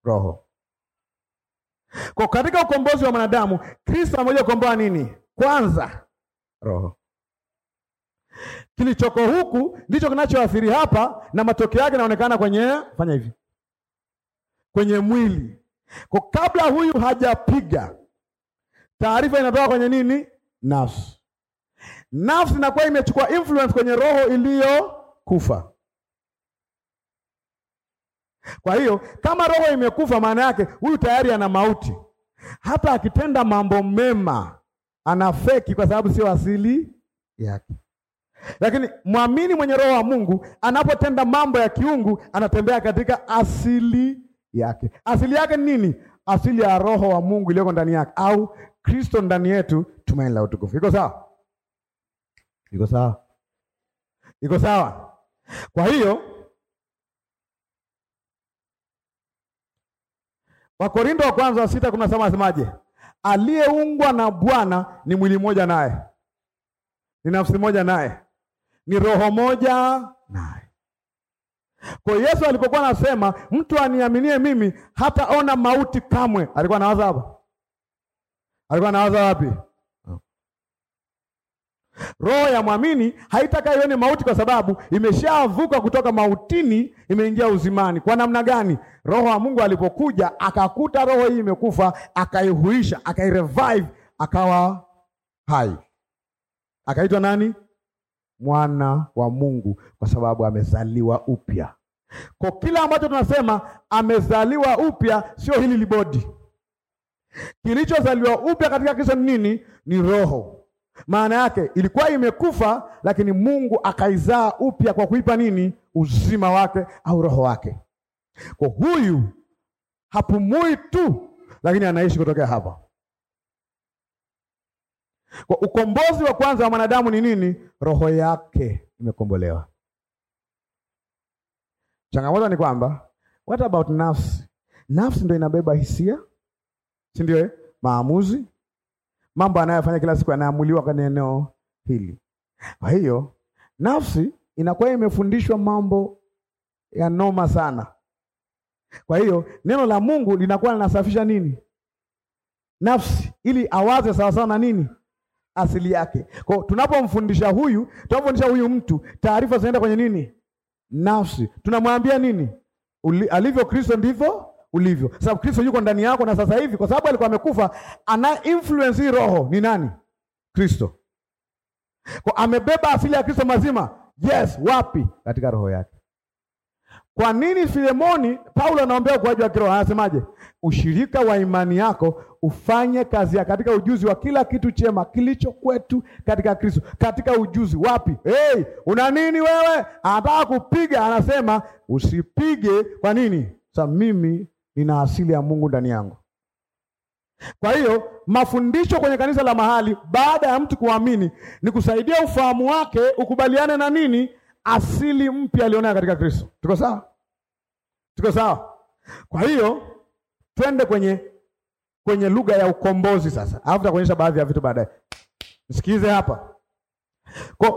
Roho. Kwa katika ukombozi wa mwanadamu, Kristo amekuja kukomboa nini? Kwanza roho. Kilichoko huku ndicho kinachoathiri hapa, na matokeo yake yanaonekana kwenye, fanya hivi, kwenye mwili kwa kabla huyu hajapiga, taarifa inatoka kwenye nini? Nafsi. Nafsi inakuwa imechukua influence kwenye roho iliyokufa. Kwa hiyo kama roho imekufa, maana yake huyu tayari ana mauti. Hata akitenda mambo mema anafeki, kwa sababu sio asili yake. Lakini mwamini mwenye roho wa Mungu anapotenda mambo ya kiungu, anatembea katika asili yake. Asili yake ni nini? Asili ya roho wa Mungu iliyoko ndani yake, au Kristo ndani yetu, tumaini la utukufu. Iko sawa? Iko sawa? Iko sawa? Kwa hiyo Wakorinto wa kwanza wa sita kuna sema asemaje? Aliyeungwa na Bwana ni mwili mmoja naye, ni nafsi moja naye, ni roho moja naye. Kwa Yesu alipokuwa anasema mtu aniaminie mimi hataona mauti kamwe, alikuwa anawaza hapa? Alikuwa anawaza wapi? Oh. Roho ya mwamini haitaka ione mauti, kwa sababu imeshavuka kutoka mautini, imeingia uzimani. Kwa namna gani? Roho wa Mungu alipokuja akakuta roho hii imekufa, akaihuisha, akairevive, akawa hai, akaitwa nani? mwana wa Mungu kwa sababu amezaliwa upya. Kwa kila ambacho tunasema amezaliwa upya, sio hili libodi. Kilichozaliwa upya katika Kristo ni nini? Ni roho. Maana yake ilikuwa imekufa, lakini Mungu akaizaa upya kwa kuipa nini? Uzima wake au roho wake. Kwa huyu hapumui tu, lakini anaishi kutokea hapa. Kwa ukombozi wa kwanza wa mwanadamu ni nini? Roho yake imekombolewa. Changamoto ni kwamba what about nafsi? Nafsi ndio inabeba hisia, si ndio? Eh? Maamuzi, mambo anayofanya kila siku, anaamuliwa kwenye eneo hili. Kwa hiyo nafsi inakuwa imefundishwa mambo ya noma sana. Kwa hiyo neno la Mungu linakuwa linasafisha nini? Nafsi ili awaze sawasawa na nini? asili yake. Kwa hiyo tunapomfundisha huyu, tunapomfundisha huyu mtu, taarifa zinaenda kwenye nini? Nafsi. Tunamwambia nini? Uli, alivyo Kristo ndivyo ulivyo. Sababu Kristo yuko ndani yako, na sasa hivi kwa sababu alikuwa amekufa, ana influence hii roho ni nani? Kristo. Kwa amebeba asili ya Kristo mazima. Yes, wapi? Katika roho yake. Kwa nini Filemoni, Paulo anaombea ukuaji wa kiroho, anasemaje? Ushirika wa imani yako ufanye kazi ya katika ujuzi wa kila kitu chema kilicho kwetu katika Kristo. Katika ujuzi wapi? Hey, una nini wewe? Anataka kupiga, anasema usipige. Kwa nini? sa mimi nina asili ya Mungu ndani yangu. Kwa hiyo mafundisho kwenye kanisa la mahali baada ya mtu kuamini ni kusaidia ufahamu wake ukubaliane na nini asili mpya alionayo katika Kristo. Tuko sawa? Tuko sawa? Kwa hiyo twende kwenye kwenye lugha ya ukombozi sasa, alafu takuonyesha baadhi ya vitu baadaye. Msikilize hapa, kwa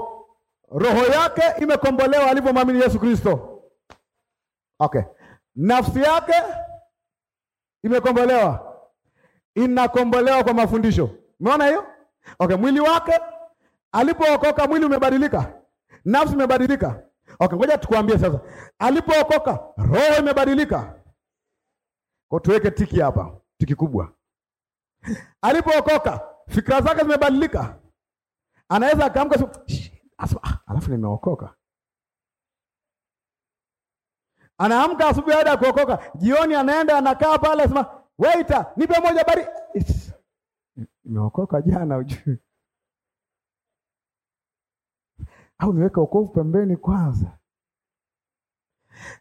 roho yake imekombolewa alipomwamini Yesu Kristo. Okay, nafsi yake imekombolewa, inakombolewa kwa mafundisho. Umeona hiyo? Okay, mwili wake alipookoka, mwili umebadilika Nafsi imebadilika. Okay, ngoja tukuambie sasa. Alipookoka roho imebadilika. Kwa tuweke tiki hapa, tiki kubwa. Alipookoka fikra zake zimebadilika. Anaweza akaamka asubuhi, alafu nimeokoka. Anaamka asubuhi baada ya kuokoka, jioni anaenda anakaa pale, anasema waiter, nipe moja bari. Nimeokoka jana, ujui au niweke wokovu pembeni kwanza.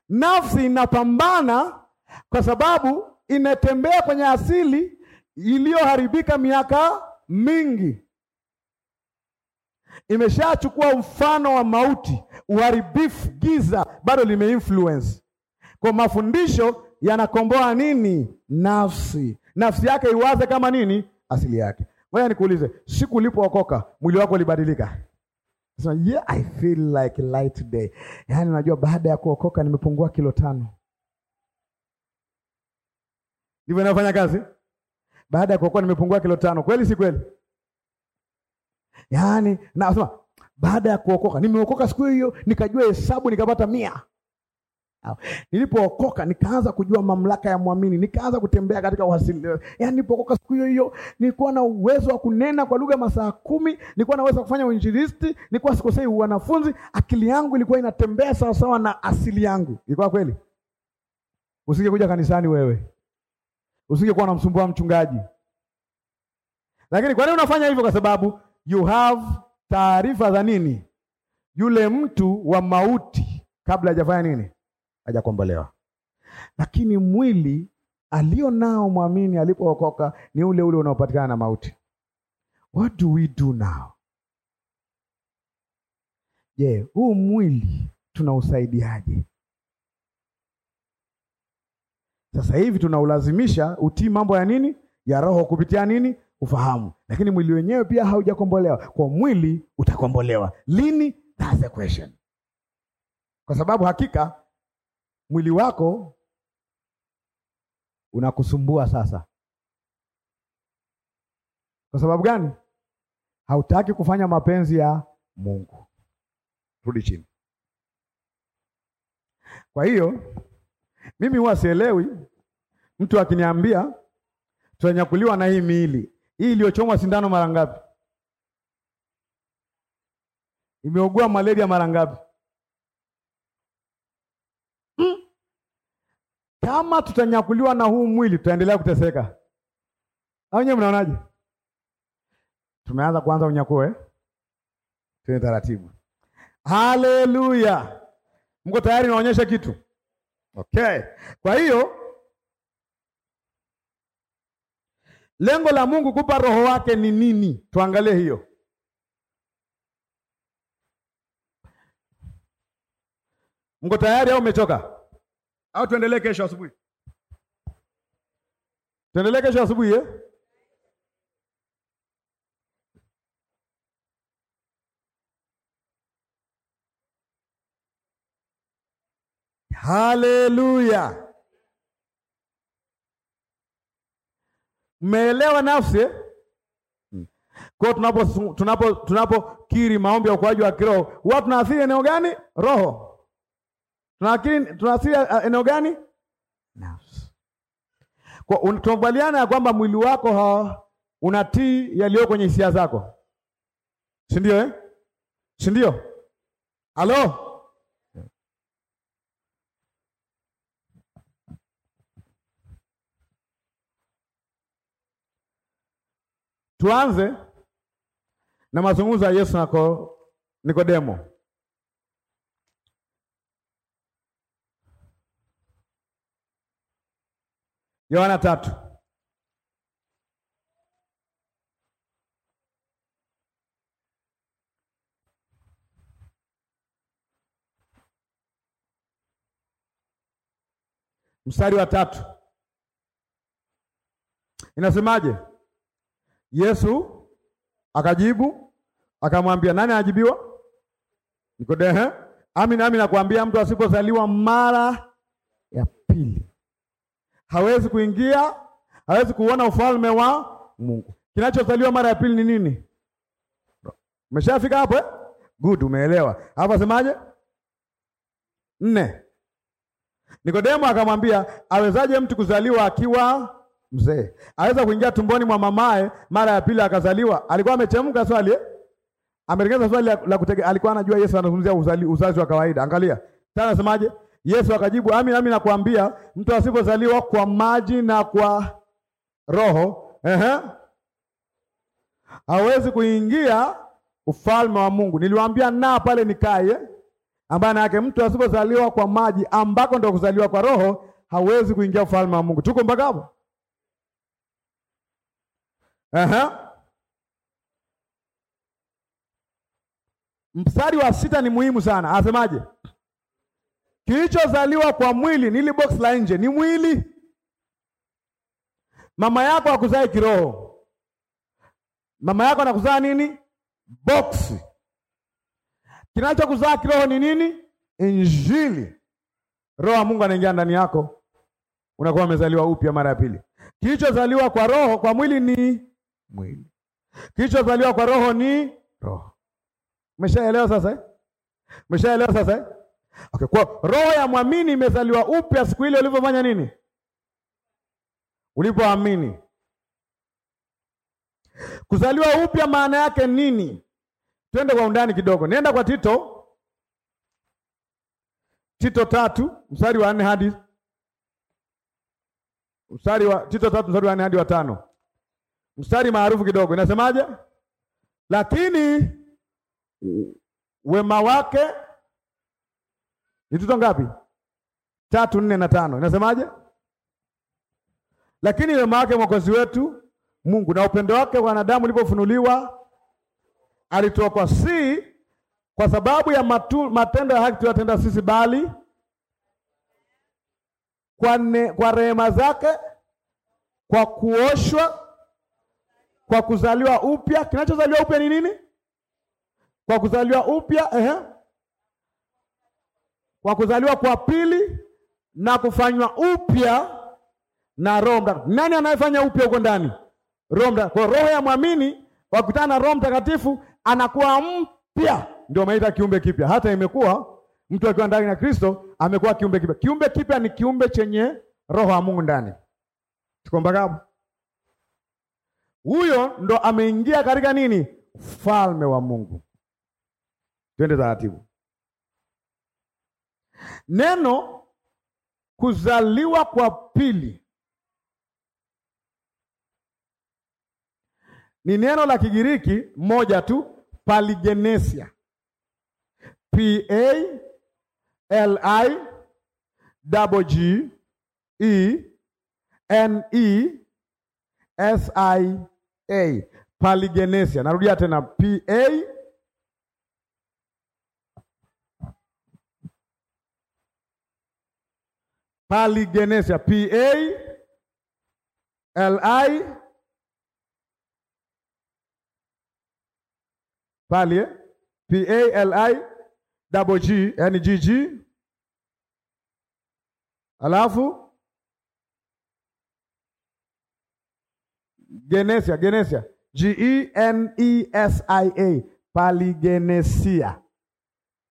Nafsi inapambana kwa sababu inatembea kwenye asili iliyoharibika miaka mingi, imeshachukua mfano wa mauti, uharibifu, giza bado limeinfluence. Kwa mafundisho yanakomboa nini? Nafsi, nafsi yake iwaze kama nini? Asili yake. Ngoja nikuulize, siku ulipookoka mwili wako ulibadilika? So, yeah, I feel like light today. Yaani najua baada ya kuokoka nimepungua kilo tano. Ndivyo inafanya kazi? Baada ya kuokoka nimepungua kilo tano. Kweli si kweli? Yaani nasema baada ya kuokoka nimeokoka siku hiyo nikajua hesabu nikapata mia. Nilipookoka nikaanza kujua mamlaka ya mwamini, nikaanza kutembea katika uhasili. Yaani nilipookoka siku hiyo hiyo nilikuwa na uwezo wa kunena kwa lugha masaa kumi, nilikuwa na uwezo wa kufanya uinjilisti, nilikuwa sikosei wanafunzi. Akili yangu ilikuwa inatembea sawasawa na asili yangu. Ilikuwa kweli. Usingekuja kanisani wewe, usingekuwa namsumbua mchungaji. Lakini kwa nini unafanya hivyo? Kwa sababu you have taarifa za nini? Yule mtu wa mauti kabla hajafanya nini hajakombolewa. Lakini mwili alio nao mwamini alipookoka ni ule ule unaopatikana na mauti. What do we do now? Je, yeah, huu mwili tunausaidiaje? Sasa hivi tunaulazimisha utii mambo ya nini? Ya roho kupitia nini? Ufahamu. Lakini mwili wenyewe pia haujakombolewa. Kwa mwili utakombolewa. Lini? That's the question. Kwa sababu hakika mwili wako unakusumbua sasa. Kwa sababu gani? Hautaki kufanya mapenzi ya Mungu. Rudi chini. Kwa hiyo mimi huwa sielewi mtu akiniambia tunyakuliwa na hii miili hii iliyochomwa sindano mara ngapi, imeugua malaria mara ngapi, Kama tutanyakuliwa na huu mwili tutaendelea kuteseka, au nyewe mnaonaje? Tumeanza kwanza unyakuo eh? Tuende taratibu. Haleluya, mko tayari? Naonyesha kitu okay. Kwa hiyo lengo la Mungu kupa roho wake ni nini? Tuangalie hiyo. Mko tayari au umechoka? au tuendelee kesho asubuhi? Tuendelee kesho asubuhi eh? Haleluya. Mmeelewa nafsi eh? Hmm. Kwa tunapo tunapokiri tunapo maombi ya ukuaji wa kiroho, huwa tunaathiri eneo gani? Roho lakini tunaasiri eh, eneo gani? Nafsi. Kwa tunakubaliana ya kwamba mwili wako ha, unatii yaliyo kwenye hisia zako, si ndio eh? si ndio? Halo? Tuanze na mazungumzo ya Yesu na Nikodemo. Yohana tatu mstari wa tatu inasemaje? Yesu akajibu akamwambia, nani anajibiwa? Nikodehe, amina amina nakuambia, mtu asipozaliwa mara ya pili hawezi kuingia, hawezi kuona ufalme wa Mungu. Kinachozaliwa mara ya pili ni nini? Umeshafika hapo eh? Good, umeelewa. Hapa semaje? Nne. Nikodemo akamwambia, awezaje mtu kuzaliwa akiwa mzee? Aweza kuingia tumboni mwa mamae mara ya pili akazaliwa? Alikuwa amechemka swali eh? Ameregeza swali la kutege, alikuwa anajua Yesu anazungumzia uzazi wa kawaida. Angalia. Tena nasemaje? Yesu akajibu, ami nami nakwambia, mtu asipozaliwa kwa maji na kwa roho ehe, hawezi kuingia ufalme wa Mungu. Niliwaambia na pale nikaye, ambaye yake mtu asipozaliwa kwa maji ambako ndio kuzaliwa kwa roho hawezi kuingia ufalme wa Mungu. Tuko mpaka hapo? Ehe. Mstari wa sita ni muhimu sana, asemaje? Kilichozaliwa kwa mwili nili box la nje ni mwili. Mama yako akuzae kiroho, mama yako anakuzaa nini? Box. Kinachokuzaa kiroho ni nini? Injili. Roho ya Mungu anaingia ndani yako, unakuwa umezaliwa upya mara ya pili. Kilichozaliwa kwa roho kwa mwili ni mwili, kilichozaliwa kwa roho ni roho. Umeshaelewa sasa? Eh? Umeshaelewa sasa? Eh? Okay, kwa roho ya mwamini imezaliwa upya siku ile ulivyofanya nini? Ulipoamini. Kuzaliwa upya maana yake nini? Twende kwa undani kidogo. Nienda kwa Tito, Tito tatu mstari wa nne hadi mstari wa Tito tatu mstari wa nne hadi wa tano. Mstari maarufu kidogo, inasemaje? Lakini wema wake Nituto ngapi? Tatu, nne na tano. Inasemaje? Lakini rehema wake mwokozi wetu Mungu na upendo wake wanadamu ulipofunuliwa, alitoa kwa si kwa sababu ya matu, matendo ya haki tuwatenda sisi, bali kwa, ne, kwa rehema zake kwa kuoshwa kwa kuzaliwa upya. Kinachozaliwa upya ni nini? Kwa kuzaliwa upya, ehe kwa kuzaliwa kwa pili na kufanywa upya na Roho Mtakatifu. Nani anayefanya upya huko ndani? Roho Mtakatifu. Kwa Roho ya mwamini wakutana na Roho Mtakatifu anakuwa mpya, ndio ameita kiumbe kipya. Hata imekuwa mtu akiwa ndani na Kristo amekuwa kiumbe kipya. Kiumbe kipya ni kiumbe chenye Roho wa Mungu ndani. Tuko mpaka huyo ndo ameingia katika nini? Ufalme wa Mungu. Twende taratibu. Neno kuzaliwa kwa pili ni neno la Kigiriki moja tu, paligenesia, P A L I double G E N E S I A, paligenesia. Narudia tena P A Paligenesia, P A L I pali eh? P A L I double G yani G G, alafu Genesia, Genesia G E N E S I A Paligenesia.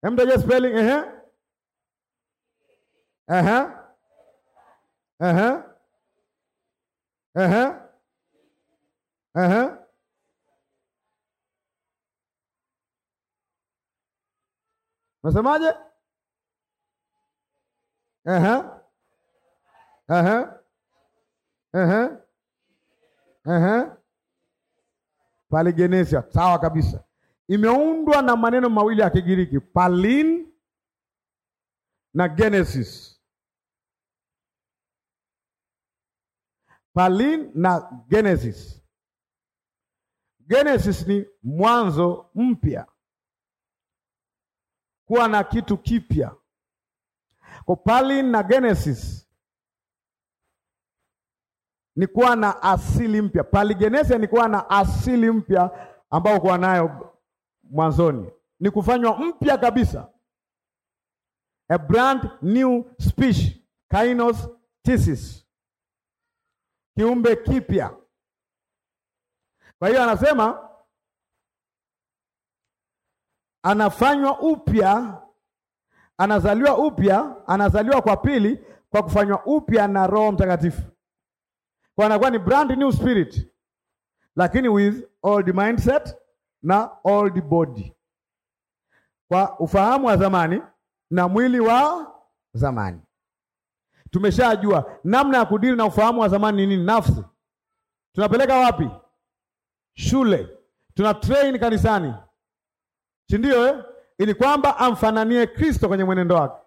Hem, spelling eh eh. Eh eh. Uhum. Uhum. Uhum. Nasemaje? Uhum. Uhum. Uhum. Uhum. Paligenesia, sawa kabisa. Imeundwa na maneno mawili ya Kigiriki, palin na genesis. Palin na Genesis. Genesis ni mwanzo mpya, kuwa na kitu kipya. Kwa Palin na Genesis ni kuwa na asili mpya. Paligenesia ni kuwa na asili mpya ambayo kuwa nayo mwanzoni, ni kufanywa mpya kabisa, a brand new species, kainos thesis kiumbe kipya. Kwa hiyo anasema anafanywa upya, anazaliwa upya, anazaliwa kwa pili kwa kufanywa upya na Roho Mtakatifu, kwa anakuwa ni brand new spirit, lakini with old mindset na old body, kwa ufahamu wa zamani na mwili wa zamani. Tumeshajua namna ya kudili na ufahamu wa zamani ni nini. Nafsi tunapeleka wapi? Shule tuna train kanisani, si ndio eh? Ili kwamba amfananie Kristo kwenye mwenendo wake.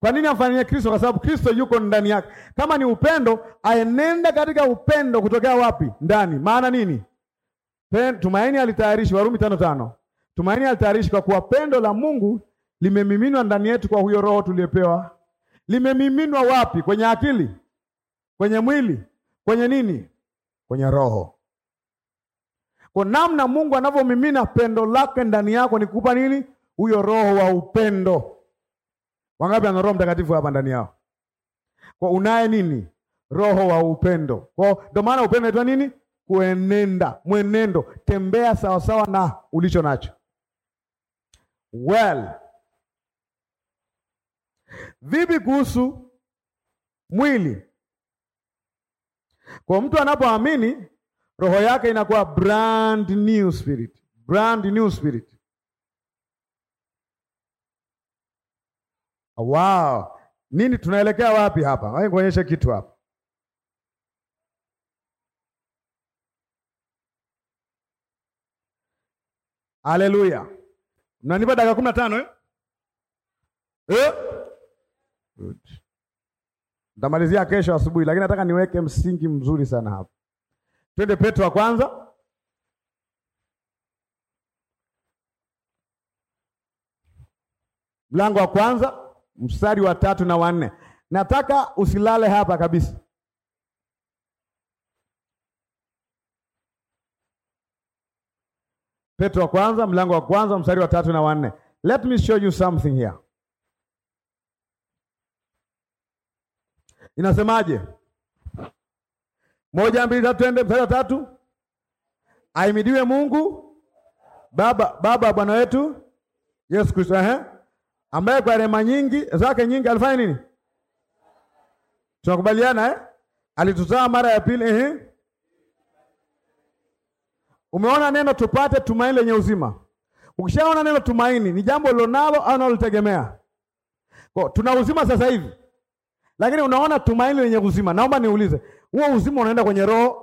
Kwa nini amfananie Kristo? Kwa sababu Kristo yuko ndani yake. Kama ni upendo, aenende katika upendo kutokea wapi? Ndani. Maana nini? Tumaini alitayarishi, Warumi tano tano. Tumaini alitayarishi kwa kuwa pendo la Mungu limemiminwa ndani yetu kwa huyo Roho tuliyepewa limemiminwa wapi? Kwenye akili, kwenye mwili, kwenye nini? Kwenye roho. Kwa namna Mungu anavyomimina pendo lake ndani yako ni kukupa nini? Huyo roho wa upendo. Wangapi ana Roho Mtakatifu hapa ndani yao? Kwa unaye nini? Roho wa upendo. Kwa ndio maana upendo unaitwa nini? Kuenenda, mwenendo, tembea sawasawa na ulicho nacho. Well, Vipi kuhusu mwili? Kwa mtu anapoamini, roho yake inakuwa brand new spirit, brand new spirit. Wow, nini tunaelekea wapi hapa? Nikuonyeshe kitu hapa. Haleluya. Mnanipa dakika kumi na tano eh? Eh? Good. kesho asubuhi lakini nataka niweke msingi mzuri sana hapa. Twende Petro wa kwanza. Mlango wa kwanza mstari wa tatu na wanne. Nataka usilale hapa kabisa. Petro wa kwanza mlango wa kwanza mstari wa tatu na wanne. Let me show you something here. Inasemaje? Moja, mbili, tatu, ende mstari wa tatu. Aimidiwe Mungu Baba, Baba Bwana wetu Yesu Kristo, ehe, ambaye kwa rehema nyingi zake nyingi alifanya nini? Tunakubaliana eh? Alituzaa mara ya pili, ehe. Umeona neno tupate tumaini lenye uzima. Ukishaona neno tumaini, ni jambo lonalo au unalotegemea. Kwa tuna uzima sasa hivi lakini unaona tumaini lenye uzima. Naomba niulize, huo uzima unaenda kwenye roho